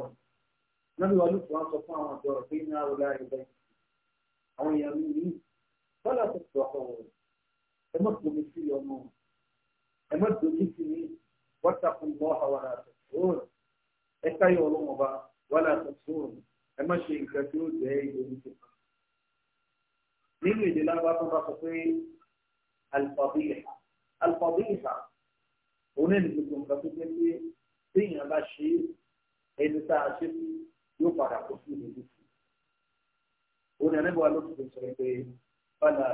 lọ́dún wa ló fi wọ́n sọ fún àwọn ọ̀dọ́ pé ní àwọn ọ̀dọ́ ìdílé àwọn èèyàn mi yìí tọ́lá tó tọ̀ ọ̀rọ̀ ẹ mọ̀ tó mi sí ọmọ ẹ mọ̀ tó mi sí mi. واتقوا الله ولا تخزون ẹ̀ka yọ̀ ọlọ́mọ bá wàhálà tuntun ẹ má ṣe nǹkan tí ó jẹ́ ìdòwú tó kàn. nínú èdè lábá tó bá sọ pé alifadíyà alifadíyà òun náà ní gbogbo nǹkan tó jẹ́ pé téèyàn bá ṣe ẹni tá a ṣe fún yóò padà kó sí ìdòwú tó. òun náà níbo alóòtú tó sọ pé wàhálà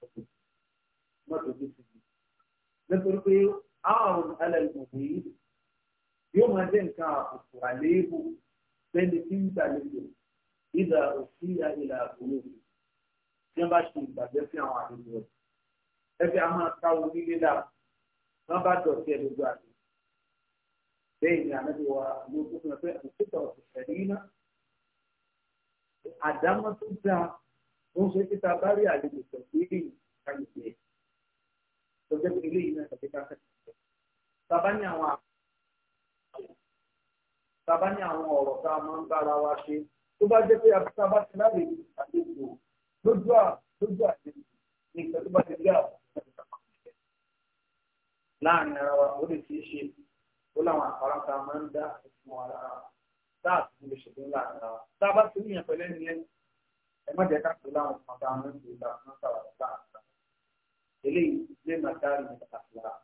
tuntun mọ́tò tó ti di. nítorí pé àrùn ẹlẹ́gbọ̀gbẹ́ yóò máa jẹ́ nǹkan àbùkù àléébù lẹ́ni tí ń gbàlejò ìdá òsì ìlà àbúrò rẹ̀ tí wọ́n bá ṣe ìgbàgbẹ́ sí àwọn àlejò rẹ̀ ẹbí a máa ká omi lílà wọ́n bá dọ̀tí ẹ lójú àti bẹ́ẹ̀ ni ànábi wa ló kó fún ẹ pé òṣìṣẹ́ òṣìṣẹ́ nínú àdámọ́ tó dáa ó ń ṣe títa bá rí àlejò tẹ̀síìrì kálífẹ̀ẹ́ tó jẹ́ pé ilé yìí náà tẹ̀síìrì tàbá ní àwọn tàbá ní àwọn ọ̀rọ̀ tá a máa ń bára wa ṣe tó bá jẹ́ pé abúlé bá ti láre àlejò lójú à lójú àlejò ní ìgbà tó bá ti gbé àwọn láàrin ara wa ó lè fi ṣe ó láwọn àpárá tá a máa ń dá ìfún ara tá a ti lè ṣètò láàrin ara tá a bá ti níyàn pẹ̀lẹ́ nìyẹn ẹ má jẹ́ ká pè láwọn ọmọ tá a máa ń ṣe ìgbà tó ń sàrà eléyìí lè má dárí ní pàtàkì lára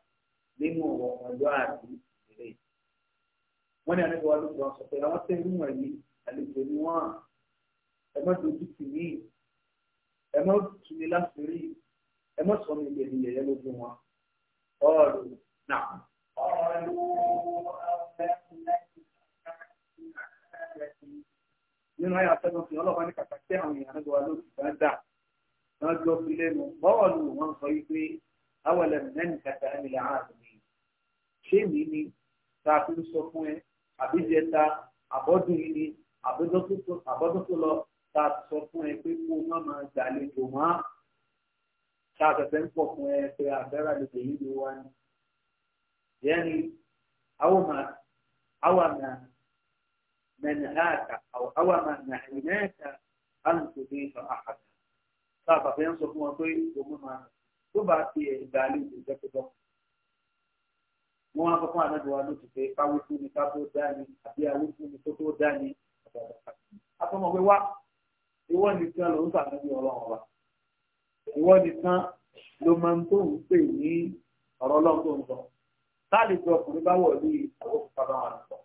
nínú ọ̀dọ́ àti ìrè. Wọ́n ní àlejò alóògùn aṣọ pé àwọn tẹ́ irú wọ̀nyí àlejò ni wọ́n à. Ẹ má dojú tì mí. Ẹ má tù mí láti rí. Ẹ má sọ mi ìgbẹ̀lì yẹ̀yẹ́ lójú wọn. Ọ̀rọ̀ náà. Ọ̀rọ̀ nínú ayé àtẹ́gùn fi ọlọ́pàá ní kàkà sí àwọn èèyàn lọ́wọ́ lórí ìgbàdà wọ́n jọ fi lẹ́nu bọ́ọ̀lù wọn sọ wípé awọlẹ̀ mẹ́rin kàkà ẹ̀mí làárọ̀ ṣé mi ni tá a fi ń sọ fún ẹ àbíjẹta àbọ́dún yìí ni àbọ́dún tó lọ tá a sọ fún ẹ pé kó má máa gbàlejò mọ́ tá a fẹ́fẹ́ ń pọ̀ fún ẹ pé abẹ́rẹ́ àlejò yìí ló wá ní. yẹ́nì àwọn mẹ́nìláàkà àwọn mẹ́nìláàkà á ń tòbí ìfọ̀ àkàtà tá a fẹ́fẹ́ ń sọ fún ẹ pé kó má máa tó bá ti gbàlejò jẹ́ pé wọ́n wá kọ́kọ́ ànágbó wa ló ti pé káwé fún mi ká tó dá ni àbí àwé fún mi tó tó dá ni àtọmọ pé wá ìwọ nìkan ló ń sàmúlò ọlọ́run wa ìwọ nìkan ló máa ń tó ń pè ní ọ̀rọ̀ ọlọ́run tó ń sọ táàlì tó ọkùnrin bá wọ̀ lóye àwọn òkúta bá wà lọ.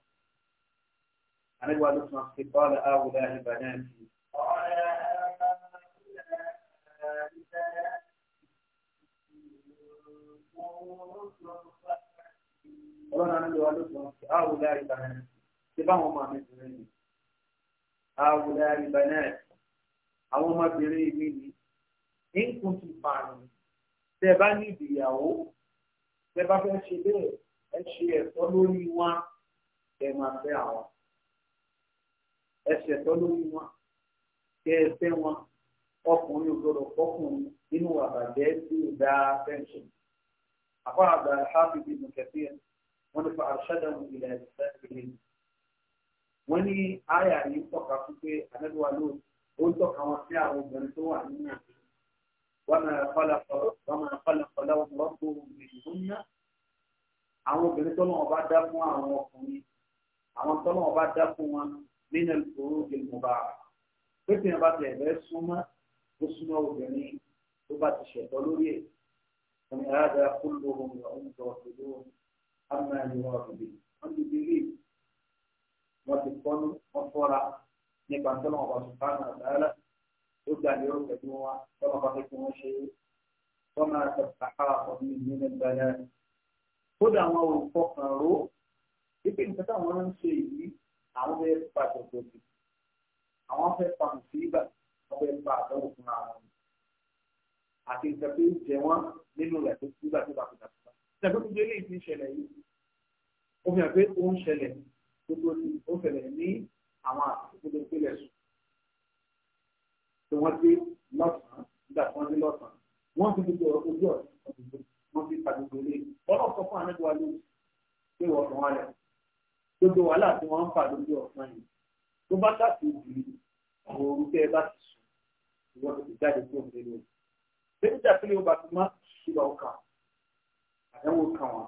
ànágbó wa ló máa ń pè kọ́ lóṣù wọn sí àwùlá ìbànẹ́ ṣé báwọn ọmọ mi bìnrin ni àwùlá ìbànẹ́ àwọn ọmọbìnrin mi ni nǹkan ti bàánù tẹ bá ní ìdìyàwó tẹ bá fẹ́ ṣe bẹ́ẹ̀ ẹ ṣe ẹ̀tọ́ lórí wọn ẹ máa fẹ́ àwọn ẹ ṣẹ̀tọ́ lórí wọn kẹ ẹ fẹ́ wọn ọkùnrin ògbọ́dọ̀ fọkùnrin nínú àbàjẹ́ tí ó dáa fẹ́ǹsì àfọ àgbà hábìbì nìkẹ́tì ẹ̀ wọ́n ní fa arṣadahum ila sabili wọ́n ní àyà yìí ń tọ́ka fún pé àdẹ́dùwà ló ó ń tọ́ka wọn sí àwọn obìnrin tó wà nínú àti wọ́n máa kọ́lá kọ́lá wọn lọ́pọ̀ òmìnira àwọn obìnrin tó náà bá dá fún àwọn ọkùnrin àwọn tó náà bá dá fún wọn nínú ìṣòro ìgbìmọ̀ba pété yẹn bá tẹ̀ ẹ̀rẹ́ súnmọ́ ó súnmọ́ obìnrin tó bá ti ṣẹ̀tọ́ lórí ẹ̀ ọmọ ìyá àmà ìwọ̀n òbí wọ́n ti di lè wọ́n ti fọ́nú wọ́n fọ́ra nípa tọ́lọ̀ ọ̀bà sùpánà àdáyàlá tó gbà lérò pẹ̀lú wa tọ́lọ̀ ọ̀bà pẹ̀lú wọn ṣe wọ́n máa tọ́ àkàrà ọ̀dún ìlú ní gbàyà rẹ̀. kódà àwọn olùkọ́ kan ró wípé nǹkan táwọn ń ṣe yìí àwọn fẹ́ pàṣẹ tòbi àwọn fẹ́ pa mùsíbà wọ́n fẹ́ pa àdánwò fún ara àti nǹkan tó jẹ wọn nínú rẹ̀ tó kú gbà tó bá kú dàgbà. ìṣàkóso ilé ìfi ìṣẹ̀lẹ̀ yìí ó fi hàn pé ó ń ṣẹlẹ̀ gbogbo ní ó ṣẹlẹ̀ ní àwọn àtúntò tó gbélẹ̀ sùn tí wọ́n dé lọ́sàn-án nígbà tí wọ́n dé lọ́sàn-án wọ́n fi gbogbo ojú ọ̀sán wọ́n fi pàdùkù lé ọlọ́ sọ fún àníkù wa ló pé wọ́n sọ wọn rẹ̀ gbogbo wàhálà tí wọ́n ń fà lójú ọ̀sán yìí tó bá dàpọ̀ òbí àwọn orúkẹ́ bá ti sùn ìwọ́n ti jáde tó ń lé lọ. bẹ́ẹ̀ ni ìjà sílẹ̀ ó bá ti má ṣílọ ọkà àdánwò kan wọn.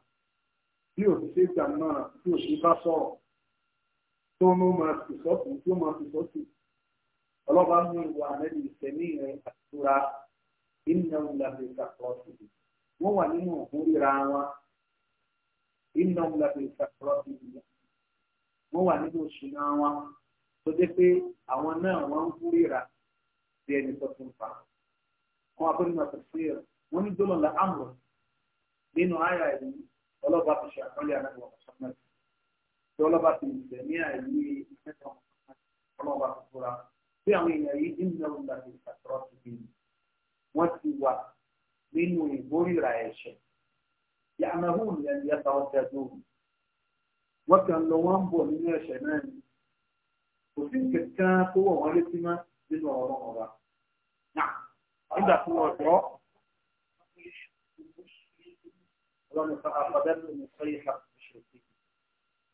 tí ò ṣe gbà náà tí ò ṣe bá sọ̀rọ̀ tó ló máa fi sọ́tún tó máa fi sọ́tún ọlọ́ba mú ìwà àmẹ́lì ìsẹ̀mí rẹ̀ àtura iná ńlábi ìsàkọ́sì wọ́n wà nínú ìkórira wọn iná ńlábi ìsàkọ́sì wọ́n wà nínú ìṣúná wọn tó dé pé àwọn náà wọ́n ń kórira bí ẹni tó tún fa wọn abẹ́rẹ́ náà tẹ̀síyẹ̀ wọ́n ní dọ́là àmọ̀ nínú àyà ìlú ọlọ́ba ti ṣe àkọlé anáwó ọ̀sán tí ọlọ́ba ti ìṣẹ̀ ní àìní ìfẹ́tọ̀ ọlọ́ba ti fura tí àwọn èèyàn yìí dín náà ń gbàgbé ìfàtọ́rọ́ ti bí mi wọ́n ti wà nínú ìgbóríra ẹ̀ṣẹ̀ yàmẹ̀hún lẹ́nu yẹta ọ̀tẹ̀ tó wọ́n kàn lọ wọ́n ń bọ̀ nínú ẹ̀ṣẹ̀ náà ni kò sí ọlọ́run fa àfọdẹ́tò ní sọ́yìnká ṣòfì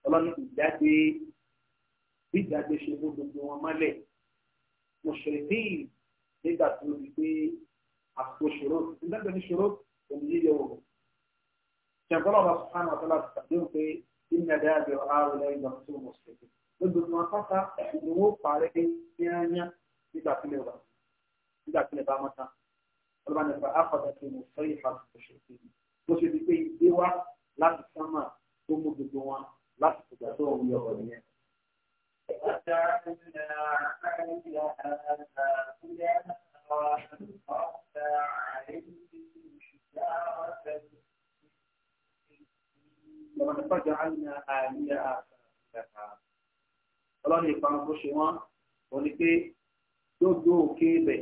ọlọ́run ìjáde ìjáde ṣe fún gbogbo wọn mọ́lẹ̀ mùsùlùmí nígbà tó rí pé àpò ṣòro nígbàgbọ́ ní ṣòro òun yíyọ òun ṣẹ̀gbọ́n ọba sùpánù àtọ́lá ti tàbí òun pé ìnà dáàbì ọ̀há rẹ̀ lẹ́yìn lọ́wọ́ tó mùsùlùmí gbogbo wọn pátá ni wọ́n parẹ́ yányá nígbà tí lè wà nígbà tí lè bá mọ́ta ọlọ́run fa àfọdẹ́tò ní sọ́yìnká ṣòfì bó ṣe ti pé ìgbé wá láti sánmà tó mú gbogbo wọn láti fìgbà tó ń yọ ọ̀rọ̀ yẹn. Ọlọ́run ìpamọ́ tó ṣe wọ́n, wọ́n ní pé gbogbo òkè ibẹ̀,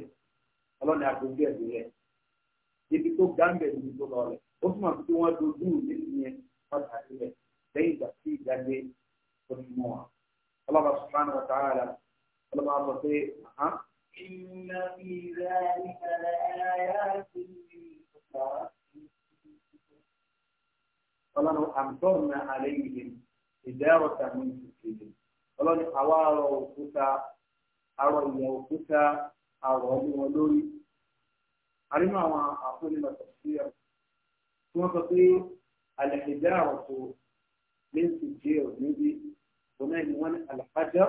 ọlọ́run àgbègbè ẹ̀dùn rẹ̀, ibi tó gbàǹbẹ̀ níbi tó lọ rẹ̀ ó túmọ̀ sí wọ́n dojú nínú yẹn padà sílẹ̀ lẹ́yìn ìgbà tí ìjáde tó ti mọ́ wa. ọlọ́ba subhanahu wa ta'ala ọlọ́ba sọ pé Inna fi dhalika la ayatin ọlọ́run àǹtọ́nà àlẹ́yìn ìdárọ̀tà ní ìṣèṣèlè ọlọ́run àwa àrọ̀ òkúta àrọ̀ ìyà òkúta àrọ̀ ọdún wọn lórí. àrínú àwọn àfúnilọ̀tọ̀ sí wọ́n sọ pé àlẹ́kẹ̀dẹ́ àwọn tó lẹ́sìn jẹ́ níbi wọn náà ni wọ́n ní àlàfájà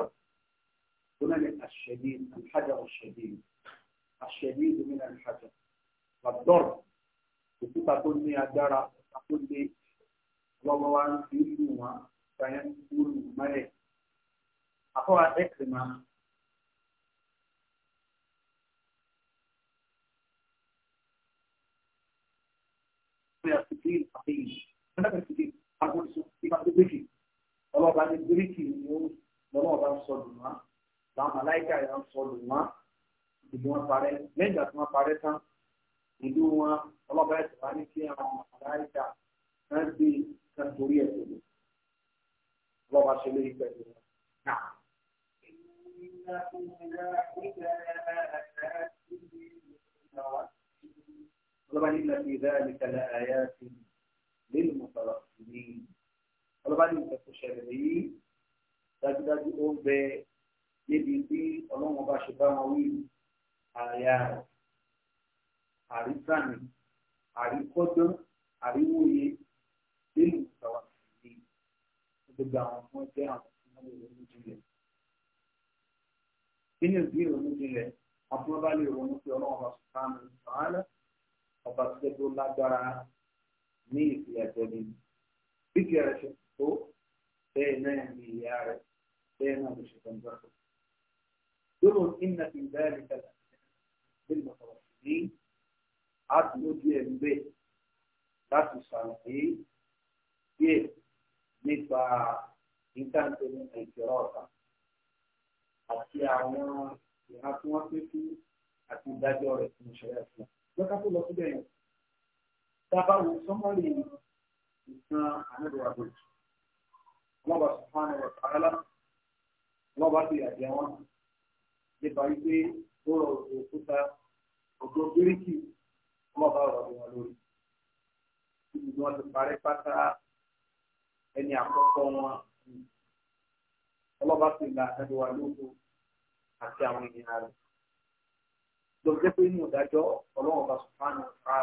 wọn náà ní àṣẹdí àlàfájà ọ̀ṣẹdí àṣẹdí ìdòmínà àlàfájà wàdọ́rọ̀ òkúta tó ní agbára òkúta lé lọ́wọ́ wa ń fi lù wọ́n sáyẹn kúrò mọ́lẹ̀ àkọ́wà ẹ̀kìrìmà الدين الفقير هذا الكتاب أقول سبحانه بيكي الله بعد بريكي نيوز الله بعد صلوا لا ملائكة يوم صلوا ìlú wọn parẹ́ lẹ́yìn ìgbà tí wọn parẹ́ tán ìlú wọn ọlọ́ba ẹ̀sìn wá ní kí àwọn aláìka náà gbé kan torí ẹ̀ pẹ̀lú ọlọ́ba ṣe lórí pẹ̀lú wọn. Thank you ọlọ́ba ní ìlànà ìdá àlìkalẹ̀ àyà ti lẹ́nu mọ̀tàlá ní ọlọ́ba ní ìfẹ́ tó ṣẹlẹ̀ yìí dájúdájú ó ń bẹ níbi tí ọlọ́run ọba ṣe bá wọn wí àyà àrísàmì àríkọ́dọ́ àríwòye lẹ́nu mọ̀tàlá ní gbogbo àwọn ọmọ jẹ́ àwọn ọmọ ìlú ìjìnlẹ̀ kí ni ìdí ìrònú jinlẹ̀ àti wọn bá lè ronú pé ọlọ́run ọba sùn ọba tí ó lágbára ní ìpìlẹ̀ tẹ̀lé bí kí ẹ ṣe tó bẹ́ẹ̀ náà ní ìyá rẹ̀ bẹ́ẹ̀ náà ló ṣe gbọ̀ngàn tó. yóò ní nàbí bẹ́ẹ̀ ní kẹlẹ̀ nínú ọ̀rọ̀ sí àdúgbò díẹ̀ ń bẹ̀ láti ṣàlàyé díẹ̀ nípa ìtàǹtẹ̀ ní nàìjíríà ọ̀tà àti àwọn ìran tí wọ́n pín sí àti ìdájọ́ lọ́ka tó lọ síbẹ̀ yẹn dábà wò sọ́mọ́rì ìtàn àmẹ́bẹ̀wà tó jù ọlọ́ba sùpánù ọ̀tàlá ọlọ́ba ti yàjẹ́ wọn nípa wípé ó rọ òkúta òkú bíríkì ọlọ́ba ọ̀rọ̀ bí wọn lórí ibi wọn ti parí pátá ẹni àkọ́kọ́ wọn ọlọ́ba ti là àmẹ́bẹ̀wà lóko àti àwọn ènìyàn rẹ̀ ló jẹ́ pé inú ìdájọ́ ọlọ́run ọba sùpánù ra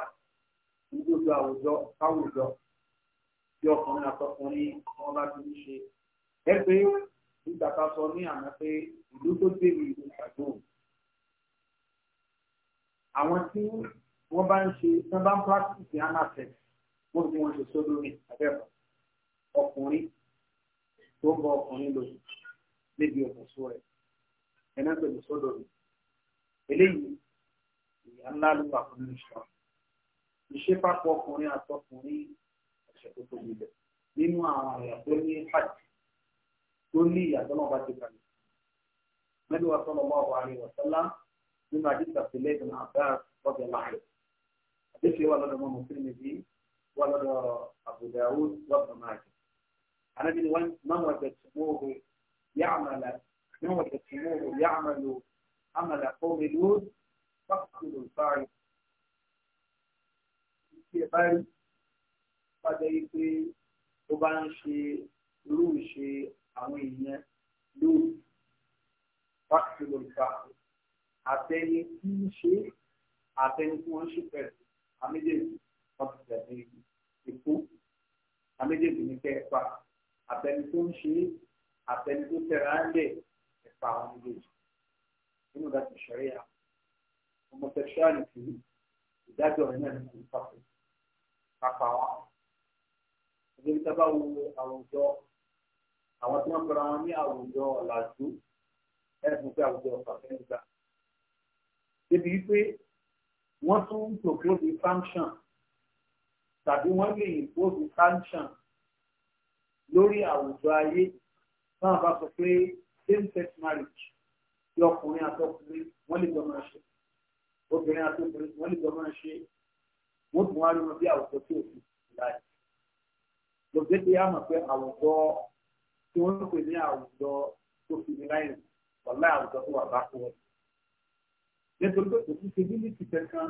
ìdójú àwùjọ káwùjọ tí ọkùnrin àtọkùnrin wọn bá ti ń ṣe ẹ pé nígbà tá a sọ ní àná pé ìlú tó débi ìlú ìgbàgbọ́ àwọn tí wọ́n bá ń ṣe tí wọ́n bá ń pàṣípì anafẹ́ wọ́n fi wọ́n ṣe sódò ní abẹ́kọ̀ ọkùnrin tó ń bọ ọkùnrin lò níbi òkùnso rẹ̀ ẹ̀ náà pẹ̀lú sódò ní eléyìí ìyá ńlá ló wà fún ìṣọ́ ìṣepapọ̀ ọkùnrin àtọkùnrin ẹ̀ṣẹ̀ tó tóbi lẹ̀ nínú àwọn àyà tó ní hajj tó ní ìyàtọ̀ náà bá ti kalẹ̀ mẹ́lú wa sọ́nà bá wà ní wàsálà nínú àdìsá sílẹ̀ ìdùnnú àbá ọ̀gẹ̀ láàyè àdìsá wà lọ́dọ̀ mọ́ mùsùlùmí bí wà lọ́dọ̀ Abu Dawud lọ́dọ̀ máa jẹ anabi ni wọn máa wà bẹ̀ tó mọ́ òwe yàmàlà máa wà bẹ̀ tó mọ́ òwe yàmàlà àmàlà kọ́ fákìlì báyìí tí ẹ báyìí pàdé yìí pé ó bá ń ṣe irú ìṣe àwọn èèyàn lórí fákìlì báyìí àtẹni tí ń ṣe àtẹni tí wọ́n ń ṣe pẹ̀lú àméjèèjì wọ́n ti tẹ̀lé ikú ní kẹfà àtẹni tó ń ṣe àtẹni tó tẹ̀ra ẹ̀fà àwọn méjèèjì nínú ìdájọ́ ìṣẹ̀rí àwọn homosexuality ìdájọ́ rẹ̀ náà ní kò pàpẹ́ pàpà wọn. ìdílé sábà wo àwùjọ àwọn tí wọ́n fẹ́ra wọn ní àwùjọ ọ̀làjú ẹ̀sùn pé àwùjọ pàpẹ́ nígbà. débi wípé wọ́n tún ń proclose function tàbí wọ́n lè impose function lórí àwùjọ ayé táwọn bá sọ pé same sex marriage ti ọkùnrin àtọkùnrin wọ́n lè jọ máa ṣe obìnrin àti obìnrin wọ́n lè jọ máa ṣe wọ́n tún wá rí wọn bí àwùjọ tí òfin láì lọ́gbẹ́ tí a mọ̀ pé àwùjọ tí wọ́n ń pè ní àwùjọ tó fi ní láì wọ̀lá àwùjọ tó wà bá tó wọ̀ nítorí pé kò sí ṣe bí lítì kankan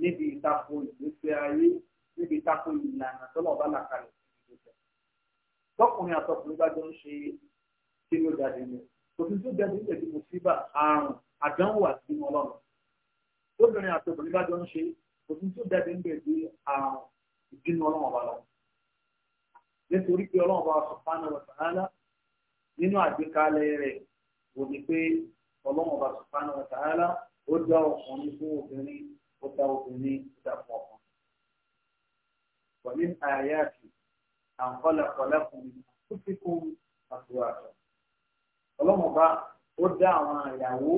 níbi ìtako ìgbésí ayé níbi ìtako ìlànà tọ́lọ̀ bá là kalẹ̀ ìgbésẹ̀ tọkùnrin àtọkùnrin bá jọ ń ṣe kí ló jáde ní kò sí tó jáde ní ìtẹ̀jú mùsíbà àrùn àdánwò àti ìmọ̀lọ́run tóbìnrin àti obìnrin bá jọ ń ṣe òfin tó dẹ́bi ń bẹ̀ sí ìdínú ọlọ́run ọba lọ. nítorí pé ọlọ́run ọba subhanahu wa ta'ala nínú àgbékalẹ̀ rẹ̀ wò ní pé ọlọ́run ọba subhanahu wa ta'ala ó dá ọkùnrin fún obìnrin ó dá obìnrin ó dá fún ọkùnrin. wọ̀nyí àyàtì àǹkọ́lẹ̀kọ́lẹ́kùn kúsìkún àtúwàjọ. ọlọ́run ọba ó dá àwọn ìyàwó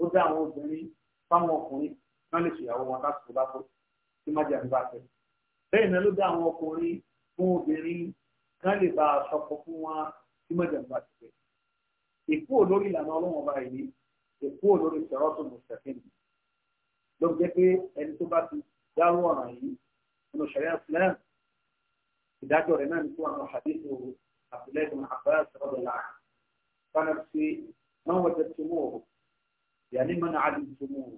ó dá àwọn obìnrin fáwọn ọkùnrin wọ́n lè ṣèyàwó wọn lásìkò bá fọ́ tí má jẹ́ àbíbá tẹ̀. lẹ́yìn náà ló dá àwọn ọkùnrin fún obìnrin kán lè bá a sọkọ fún wọn tí má jẹ́ àbíbá tẹ̀. ìkú olórí ìlànà ọlọ́wọ́n ọba yìí ìkú olórí sẹ̀rọ́tò mùsàkínì ló jẹ́ pé ẹni tó bá ti dárú ọ̀ràn yìí nínú ṣẹ̀ríà Islam ìdájọ́ rẹ̀ náà ní kí wọ́n hadithu Abdullahi bin Abbas radiyallahu anhu. فنفسي ما وجدتموه يعني من علمتموه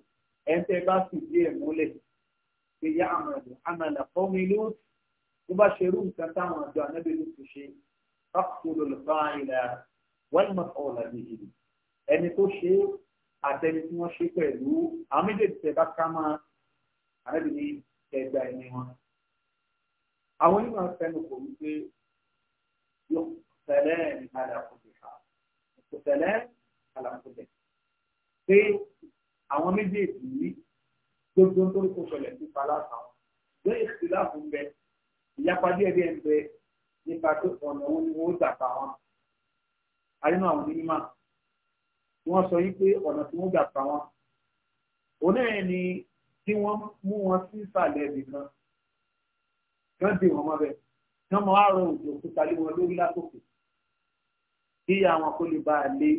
ẹ̀ńtẹ́ bá sì dí ẹ̀ múlẹ̀ pé yá àmàlà àmàlà fọ́mi ló tó bá ṣe irú nǹkan táwọn àjọ ànábì ló ti ṣe fákòlò lọ́ba ìlà wẹ́lmọ̀ ọ̀là nìyí ẹni tó ṣe àtẹni tí wọ́n ṣe pẹ̀lú àwọn méjèèjì tẹ̀ bá ká máa ànábì ní ẹgbà ẹni wọn. àwọn onímọ̀ fẹ́nu kò wípé yóò tẹ̀lé ní àlàkùnrin àlàkùnrin pé àwọn méjèèjì yìí gbogbo tó kó ṣẹlẹ̀ nípa látàwọn lórí ìṣẹ̀lẹ̀ àfún bẹ ìyapa díẹ̀ díẹ̀ ń bẹ nípa tó ọ̀nà òun ni wọ́n gbà pa wọn. àyínú àwọn onímọ̀ tí wọ́n sọ yí pé ọ̀nà tí wọ́n gbà pa wọn. òun náà ni kí wọ́n mú wọn sí ìsàlẹ̀ nìkan kán dè wọ́n mọ́bẹ̀ kán mọ́ àárọ̀ òjò òkúta lé wọn lórí látòkè kí àwọn kó lè bá a lé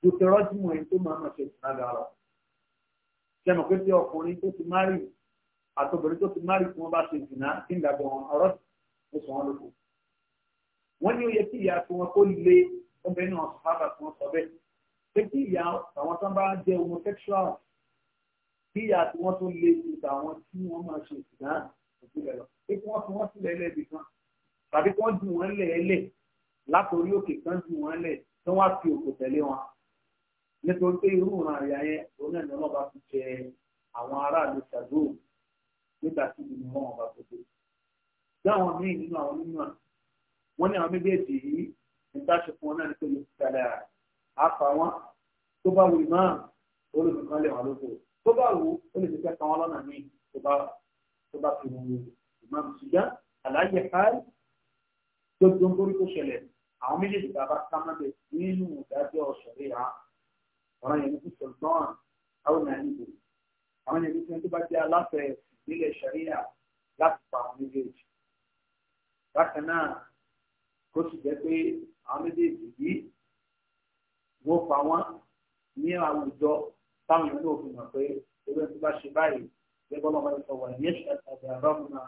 dòkè rọ́jùmọ̀ ẹni tó máa ń ṣe ìtàn sẹ́nu pé tí ọkùnrin tó ti márì àtọ́bìnrin tó ti márì tí wọ́n bá ṣe ìdìnnà kí n dàgbọ́ wọn ọ̀rọ̀ tó sọ wọn lóko. wọ́n ní ó yẹ kí ìyá tí wọ́n kó lé obìnrin náà sọ́fàbà tí wọ́n sọ bẹ́ẹ̀ pé kí ìyá àwọn tó bá jẹ́ homosexual kí ìyá tí wọ́n tó lé ju tàwọn tí wọ́n máa ṣe ìdìnnà òsílẹ̀ lọ pé kí wọ́n fi wọ́n sílẹ̀ lẹ́bi kan tàbí kí wọ́n ju wọn lẹ̀ lẹ̀ látòrí òkè kan ju wọn lẹ̀ tí wọ́n á fi òkò tẹ̀lé wọn nítorí pé irú ìran àyà yẹn òun náà ni ọlọ́ba fi jẹ àwọn aráàlú ṣàdó nígbà tí ìlú mọ́ ọba tó dé. láwọn míì nínú àwọn onímọ̀ wọ́n ní àwọn méjèèjì yìí nígbà ṣe fún wọn náà nítorí ìtàlẹ̀ àpá wọn tó bá wù náà olùdókòwò lè wọn lóko tó bá wù ó lè fi kẹta wọn lọ́nà míì tó bá fi wọn ìmọ̀ ṣùgbọ́n àlàyé káàlì gbogbo nítorí tó ṣẹlẹ̀ àwọn méjèèjì bàbá kámẹ́lẹ̀ nínú ìdájọ́ ṣẹ̀ríà ọ̀ràn yẹn ní kí sọ̀tàn àwọn ènìyàn nìbò àwọn ènìyàn nìbò tó bá jẹ́ aláṣẹ ìpínlẹ̀ sàríyà láti pa àwọn méjèèjì bákan náà kó sì jẹ́ pé àwọn méjèèjì yìí wọ́n pa wọ́n ní àwùjọ táwọn èèyàn náà fi mọ̀ pé ewé tó bá ṣe báyìí gẹ́gẹ́ bọ́lá wọn sọ wà ní ẹ̀ṣẹ̀ àti àbámúná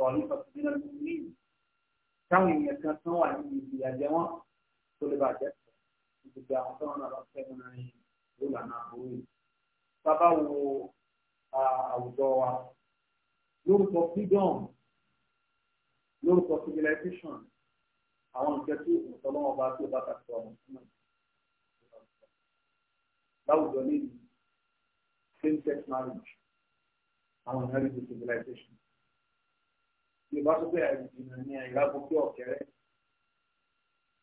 ọ̀ọ́lù fàtìmínà ní táwọn èèyàn kan tán wà ní ìdí àjẹ wọn tó lè bàjẹ́ ìdìbò àwọn tó wọn náà lọ fẹ́ mọ́ náà yìí ló lànà àbúrò yìí bàbá wo àwùjọ wa lórúkọ freedom lórúkọ civilization àwọn nǹkan tí ìtọ́lọ́wọ́ bá tó bá kàtó ọmọ fún mi láwùjọ lẹ́yìn same sex marriage àwọn heritage civilization yorùbá tó bẹ̀rẹ̀ ìdìnnà ní àyíká gbogbo ọ̀kẹ́rẹ́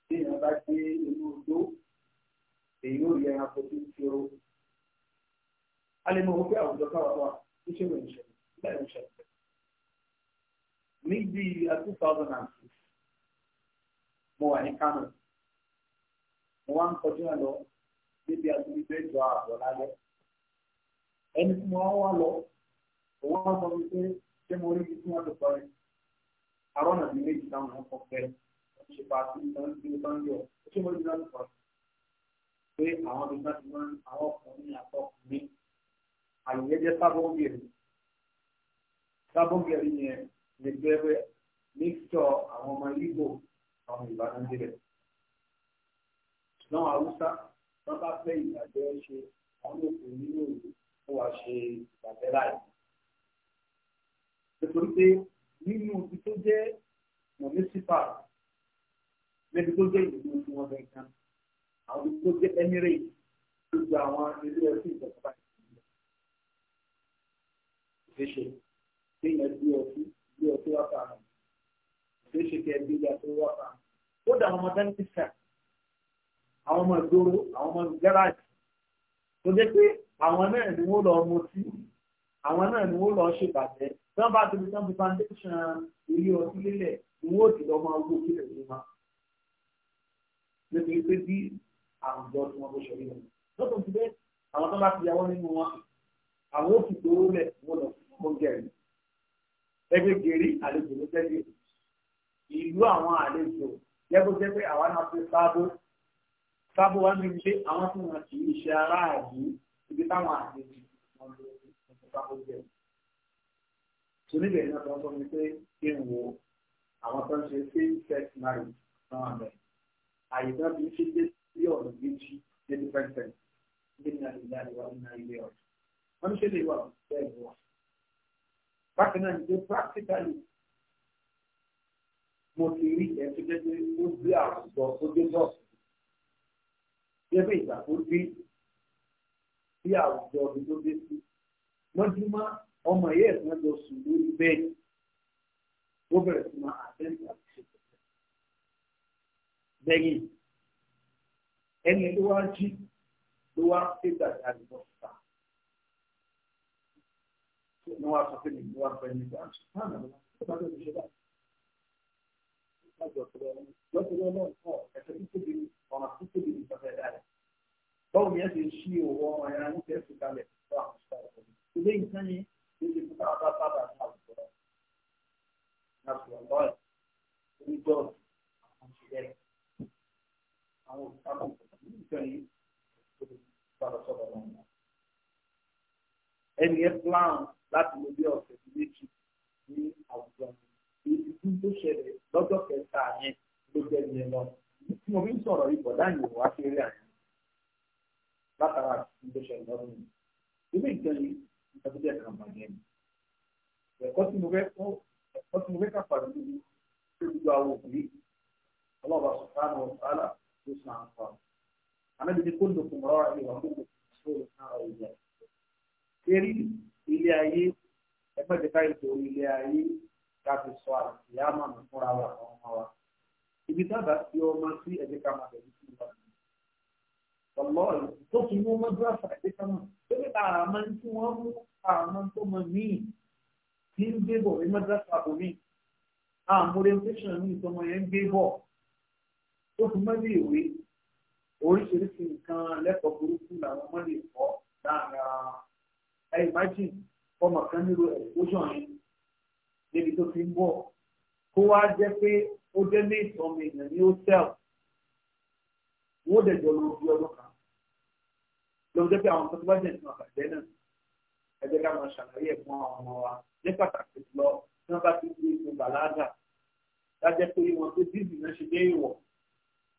tí èèyàn bá dé inú odó èyí ò yẹ ẹranko tó ti ro alẹ́mọ̀ wípé àwùjọ káwà wà tó ṣe wẹ̀ ìṣẹ̀lẹ̀ bẹ́ẹ̀ ìṣẹ̀lẹ̀ ní bí i two thousand and six mo wà ní Kánò mo wá ń kọjú ẹ lọ níbi àtúntò ìgbẹ́ ìjọ àbọ̀ lálẹ́ ẹni tí mo wá lọ òun wá sọ mi pé ṣé mo rí ibi tí wọ́n ti sọ yìí àrọ́nà mi méjì táwọn ọkọ̀ fẹ́ ṣe pàṣẹ ìtàn ìgbẹ́ ìtàn yọ ṣé mo rí ibi tí wọ́n ti sọ yìí pé àwọn bí wọ́n ti máa ń àwọn ọkùnrin àtọkùnrin àyè jẹ́ sábọ́ǹgẹ̀rì sábọ́ǹgẹ̀rì yẹn lè bẹ̀rẹ̀ níṣọ àwọn ọmọ Ìgbò àwọn ìbánidẹ́rẹ̀ ṣùgbọ́n Haúsá wọ́n bá fẹ́ ìgbàgbẹ́ ṣe àwọn òkú nínú òru fún wa ṣe ìgbàgbẹ́ láì. nítorí pé nínú ibi tó jẹ́ mọ̀nísípà níbi tó jẹ́ ìlú tí wọ́n fẹ́ kan àwọn tó jẹ́ Emirates tó gba àwọn ilé ẹ̀sìn ìjọba ìṣẹ̀lẹ̀. ìṣeṣe kéèyàn gbé ọtí gbé ọtí wá pa àrùn ìṣeṣe kẹ́ gbé ìyá tó wá pa àrùn. ó dà àwọn ọmọ dání sà àwọn ọmọ ìgboro àwọn ọmọ gáràjì tó jẹ́ pé àwọn náà ni wọ́n lọ mutí àwọn náà ni wọ́n lọ ṣèbàjẹ́ tí wọ́n bá ti fi sanbi foundation ilé ọtí lélẹ̀ ni ò ti lọ máa wó kílẹ̀ ní wọn. nítorí pé bí àwùjọ tí wọ́n bó ṣe rí wọn. lọ́tọ̀ ti bẹ́ àwọn tó bá ti yàwọ́ nínú wọn àwọn ó fi gbowó lẹ̀ wọ́n lọ fún gẹ̀rì. ẹgbẹ́ gẹ̀rì àlejò ló tẹ́lẹ̀ ìlú àwọn àlejò yẹ́gbó jẹ́ pé àwa náà fi sábó sábó wá níbi pé àwọn tí wọ́n kì í ṣe aráàlú ibi táwọn àlejò wọn lọ fún sábó gẹ̀rì. Sunibẹ̀ náà tó ń sọ mi pé kí n wo àwọn tó ń ṣe same sex marriage náà bẹ̀. Àyè náà fi ṣe sí ọ̀nà méjì ní different times nígbà ìlà ìwà ìlà ilé ọ̀rọ̀. wọ́n ṣe lè wà bẹ́ẹ̀ wọ̀. bákan náà ìgbé practically mo ti rí ẹ̀ tó jẹ́ pé ó gbé àwùjọ tó gbé bọ́ọ̀sì. Gẹ́gẹ́ ìgbà tó gbé sí àwùjọ mi tó gbé sí. Mọ́júmọ́ ọmọ yẹ́ ẹ̀sán lọ sùn lórí bẹ́ẹ̀. Ó bẹ̀rẹ̀ sí máa àtẹ́ǹtì àti ẹni tó wá jí ló wá pé dàda lọ sá wọn wá sọ pé mi ló wá pẹ ní ìgbà àti sáà náà wọn bá lọ ṣe báyìí lọ́sọ̀rọ̀ náà kọ́ ẹ̀sẹ̀ tó tóbi ọ̀nà tó tóbi ní ìfọ̀fẹ́ dáadáa báwo ni ẹ ti ṣí owó ọmọ ẹ̀ ẹ̀rọ tẹ̀ não kalẹ̀ fún àwọn ìṣẹ́ ọ̀rọ̀ ilé nǹkan yẹn ló ti fún káwọn bá sábà ní àwùjọ que láti ọ̀dọ́ ẹ̀ oníjọ́ àwọn ìṣẹ̀lẹ̀ àwọn òṣìṣẹ́ nǹkan yìí padà sọ̀rọ̀ náà. ẹni ẹ plan láti lo bí ọ̀sẹ̀ méjì ní àwùjọ èyí tí ó ṣẹlẹ̀ lọ́jọ́ kẹta yẹn ló jẹ́ yẹn lọ. tí mo fi ń sọ̀rọ̀ yìí bọ̀dá yìí wá sí eré àyàn látara tó ṣẹlẹ̀ lọ́dún yìí. ilé ìjọ yìí nǹkan tó jẹ́ kan bàjẹ́ mi. ẹ̀kọ́ tí mo fẹ́ kọ́ pàdé mi ló ti gba owó òkú yìí. ọlọ́ọ̀bà sọ̀tánù ọ̀tá Ànábì ní kóńdò kò mọ́ ìwà gbogbo ìṣòro náà ìyẹn. Eré ilé ayé ẹgbẹ́ ìdíkà ètò ilé ayé láti sọ àtìyá màmú fúnra wa àwọn ọmọ wa. Ibi tábà fi ọmọ sí ẹ̀díkà máa bẹ̀rẹ̀ sí ìwà. Ọlọ́run tó fi mú mọ́dúrásà ẹ̀díkà náà. Bébí àmọ́ tí wọ́n mú àmọ́ tó mọ míì tí ń gbé bọ̀ ní mọ́dúrásà bò míì. Àmọ́ orientation ní ìtọ́mọ yẹn gbé bọ̀. Tó fi mọ́ oríṣiríṣi nǹkan lẹ́kọ̀ọ́ burúkú làwọn ọmọ lè kọ́ láàrin ara wọn. ẹ imagine fọmọ kan nílò exposure yẹn níbi tó fi ń bọ̀ kó wá jẹ́ pé ó dé ní ìtọ́mọ èèyàn ní hotel wọ́n dẹ̀jọ́ ló di ọdún kan lọ́wọ́ jẹ́ pé àwọn tó bá jẹ́ nǹkan àgbàjẹ́ náà ẹ jẹ́ ká máa ṣàlàyé ẹ̀gbọ́n àwọn ọmọ wa ní pàtàkì lọ tí wọ́n bá ti di ìpín bàlágà lájẹ́ pé wọn tó dìbì náà ṣe dé ìwọ̀n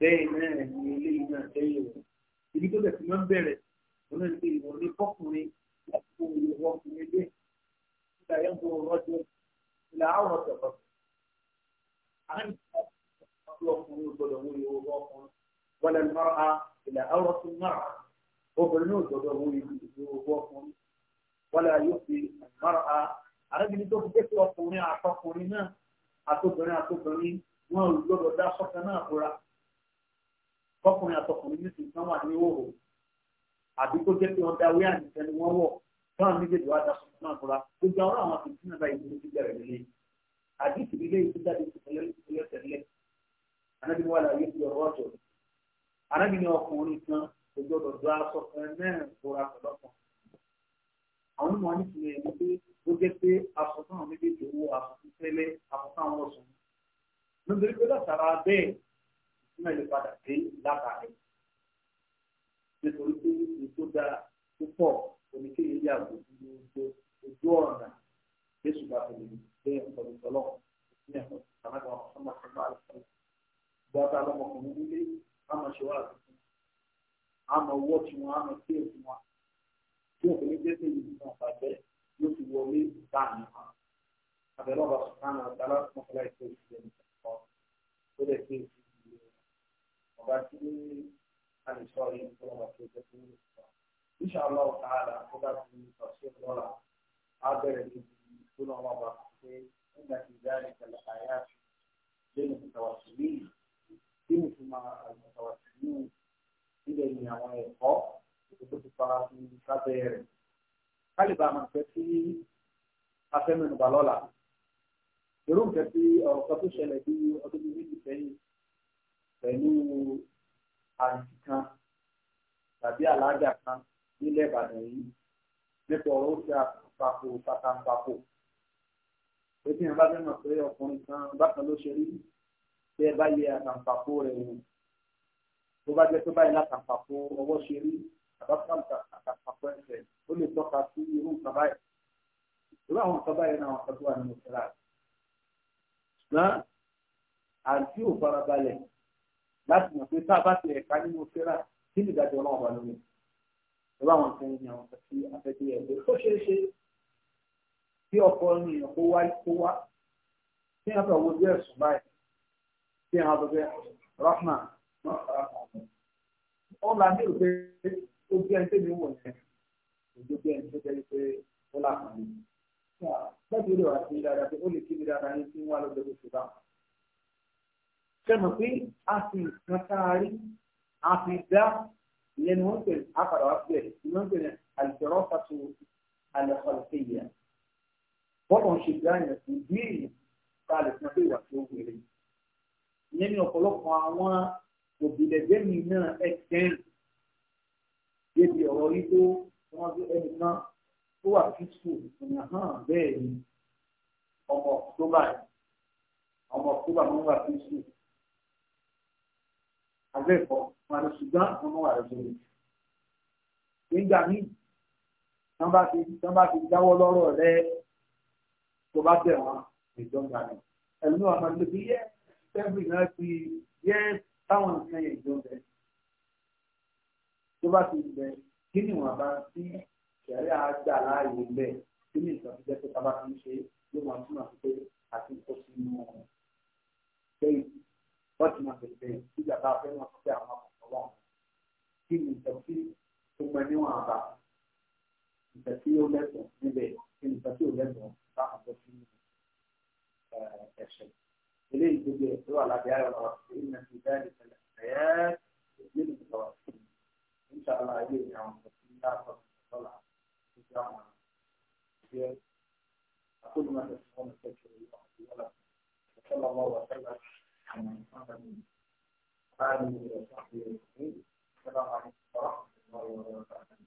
bẹ́ẹ̀ náà ni ilé yìí náà tẹ́lẹ̀ o ibi tó tẹ̀sí máa ń bẹ̀rẹ̀ wọn náà ti ìwọ̀n ní fọkùnrin láti fún ìwọ̀n ọkùnrin dé nígbà yẹn kó rọ́jò ìlà àwọn ọ̀sọ̀kọ̀ àwọn ọkùnrin gbọdọ̀ wọ ìwọ̀n ọkùnrin wọlé mọ́ra ìlà àwọn ọ̀sùn mọ́ra obìnrin náà gbọdọ̀ wọ ìwọ̀n ọkùnrin wọlé ayọ́sí ò gbọdọ̀ dá sọ́kàn náà fúra tọkùnrin àtọkùnrin ní sùn náà wà ní òòrò àbí tó jẹ́ pé wọ́n dáwé àyìnfẹ́ ni wọ́n wọ̀ táwọn méjèèjì wá daṣọ náà kóra gbogbo àwọn àwọn àti ìdílé báyìí ló ti bẹ̀rẹ̀ lélẹ̀ àdìsí ilé ìlú jáde ìpínlẹ̀ ìpínlẹ̀ tẹ̀lé anábì wà láyé ti ọ̀rọ̀ ọ̀jọ̀ anábì ní ọkùnrin kan kò gbọdọ̀ dọ́ aṣọ kan mẹ́rin kóra pẹ̀lọ́pọ̀ àwọn onímọ̀ ní ìpínlẹ̀ ìlú pé ó jẹ́ pé aṣọ táwọn méjèèjì owó aṣọ tó tẹ́lẹ̀ aṣọ táwọn ọ̀sùn nítorí pé látara bẹ́ẹ̀ náà lè padà dé látàrí nítorí pé ètò dára púpọ̀ oníkéyè yà wò lójú ojú ọ̀nà jésù bá fi lè gbé ọ̀dọ̀ tọ́lọ̀ ní ẹ̀kọ́ sàmàgbà ọmọ ọmọ àlùfáà gbọ́dọ̀ lọ́mọkùnrin nílé àmọ̀ ṣe wà lókun àmọ̀ wọ́ tí wọn àmọ̀ sí èkó wọn tí òfin jésù yìí náà bàjẹ́ ló ti wọlé dáàmú kan àbẹ̀lọ́ba sùkánà ọ̀dàlá fún ọ̀la ìfẹ́ ìfẹ́ ìfẹ́ ọ̀ ó lè fi ìfẹ́ ọba tí a lè sọ yìí fún ọba tó jẹ fún ìsọ ìṣàlọ ọ̀tàlà tó bá ti ọ̀ṣẹ́ lọ́la á bẹ̀rẹ̀ níbi ìgbóná ọba bá pé nígbà tí ìdáyà ìṣẹ̀lẹ̀ àyà lẹ́nu ìtawàsílì kí ni fún ma ìtawàsílì nílẹ̀ ní àwọn ẹ̀kọ́ tó ti fara sí sábẹ́ rẹ̀ kálíbà máa fẹ́ sí afẹ́mẹ́nubà lọ́la tí ọ̀rọ̀ kan tó ṣẹlẹ̀ bí ọdún méjì sẹ́yìn pẹ̀lú àǹtí kan tàbí alájà kan nílẹ̀ ìbàdàn yìí nípa ọ̀rọ̀ òṣè àpapọ̀ pátápapọ̀ ètò ìyẹn bá fẹ́ mọ̀ pé ọkùnrin kan bákan ló ṣe rí bí ẹ bá yẹ àtàǹpapọ̀ rẹ̀ wò tó bá jẹ́ tó báyìí látàǹpapọ̀ ọwọ́ ṣe rí àtàǹpapọ̀ ẹsẹ̀ ó lè tọ́ka sí irú nǹkan báyìí irú àwọn nǹkan báyìí náà àwọn kan tó wà nínú ìṣẹ̀lẹ̀ àti àǹtí ò farabalẹ̀ láti mọ̀ pé tá a bá ti ẹ̀ka nínú fẹ́ra kí ni ìdájọ́ ọlọ́run wà lórí ẹ̀ bá wọn fẹ́ẹ́ ní àwọn àti afẹ́fẹ́ ẹ̀ pé ó ṣeé ṣe kí ọkọ ní ìyànkó wá kó wá kí wọ́n fẹ́ wo bí ẹ̀sùn báyìí kí wọ́n fẹ́ fẹ́ rahma ó là ní òpè ó bí ẹni tẹ́lẹ̀ wọ̀ yẹn òjò bí ẹni tó tẹ́lẹ̀ pé ó là kàn mí. bẹ́ẹ̀ ni ó lè wá sí dáadáa pé ó lè kí mi dáadáa ní kí wọ́n wá lọ́dọ̀ sẹ́mi pé a fi nǹkan tá a rí a fi dá ìyẹn ni wọ́n pè àkàrà wá pè ní wọ́n pè ní àlùjọ́rọ́ pàtó àlùkọ́lùkẹ́ yìí bọ́ọ̀lù ń ṣe dá yẹn kò bí èèyàn tá a lè fún pé ìwà tó wẹ̀rẹ̀ ìyẹn ni ọ̀pọ̀lọpọ̀ àwọn òbílẹ̀gbẹ́ mi náà ẹ̀ tẹ́rì débi ọ̀rọ̀ yìí tó wọ́n ẹni náà tó wà fíṣù ìyẹn hàn bẹ́ẹ̀ ni ọmọ ọ̀túbà ọmọ ọ̀túbà ló wà fíṣù àbẹ́ẹ̀kọ́ wọn lọ ṣùgbọ́n wọn mọ̀ wà lọ́sẹ̀ rẹ̀. nígbà míì tán bá ti tán bá ti dáwọ́ lọ́rọ̀ rẹ tó bá bẹ̀ wọn ìjọba rẹ̀ ẹ̀lú náà máa lè fi yẹ tẹ́bù náà ti yẹ táwọn nǹkan yẹn jọ bẹ̀. tó bá ti bẹ kí ni wọn bá ti ṣẹ̀rí àgbà láàyè bẹ̀ kí ni ìtàn ti jẹ́ pé ti ń ṣe ló máa túmọ̀ sí pé àti kó sínú ọ̀hún. وزنا في البيت إذا باقي ما تطيع ما تطلع كل من تفسير ثم نوع بعد تفسير لازم نبي كل تفسير لازم صاحب تفسير الشيء آه، إليه بدي أتوى على بيعي والأرسلين في ذلك الحياة من الأرسلين إن شاء الله أجيب يا عم الله تطلع في الجامعة أقول ما تسمعون التفسير وصلى الله وسلم وآله وصحبه أجمعين السلام عليكم ورحمة الله وبركاته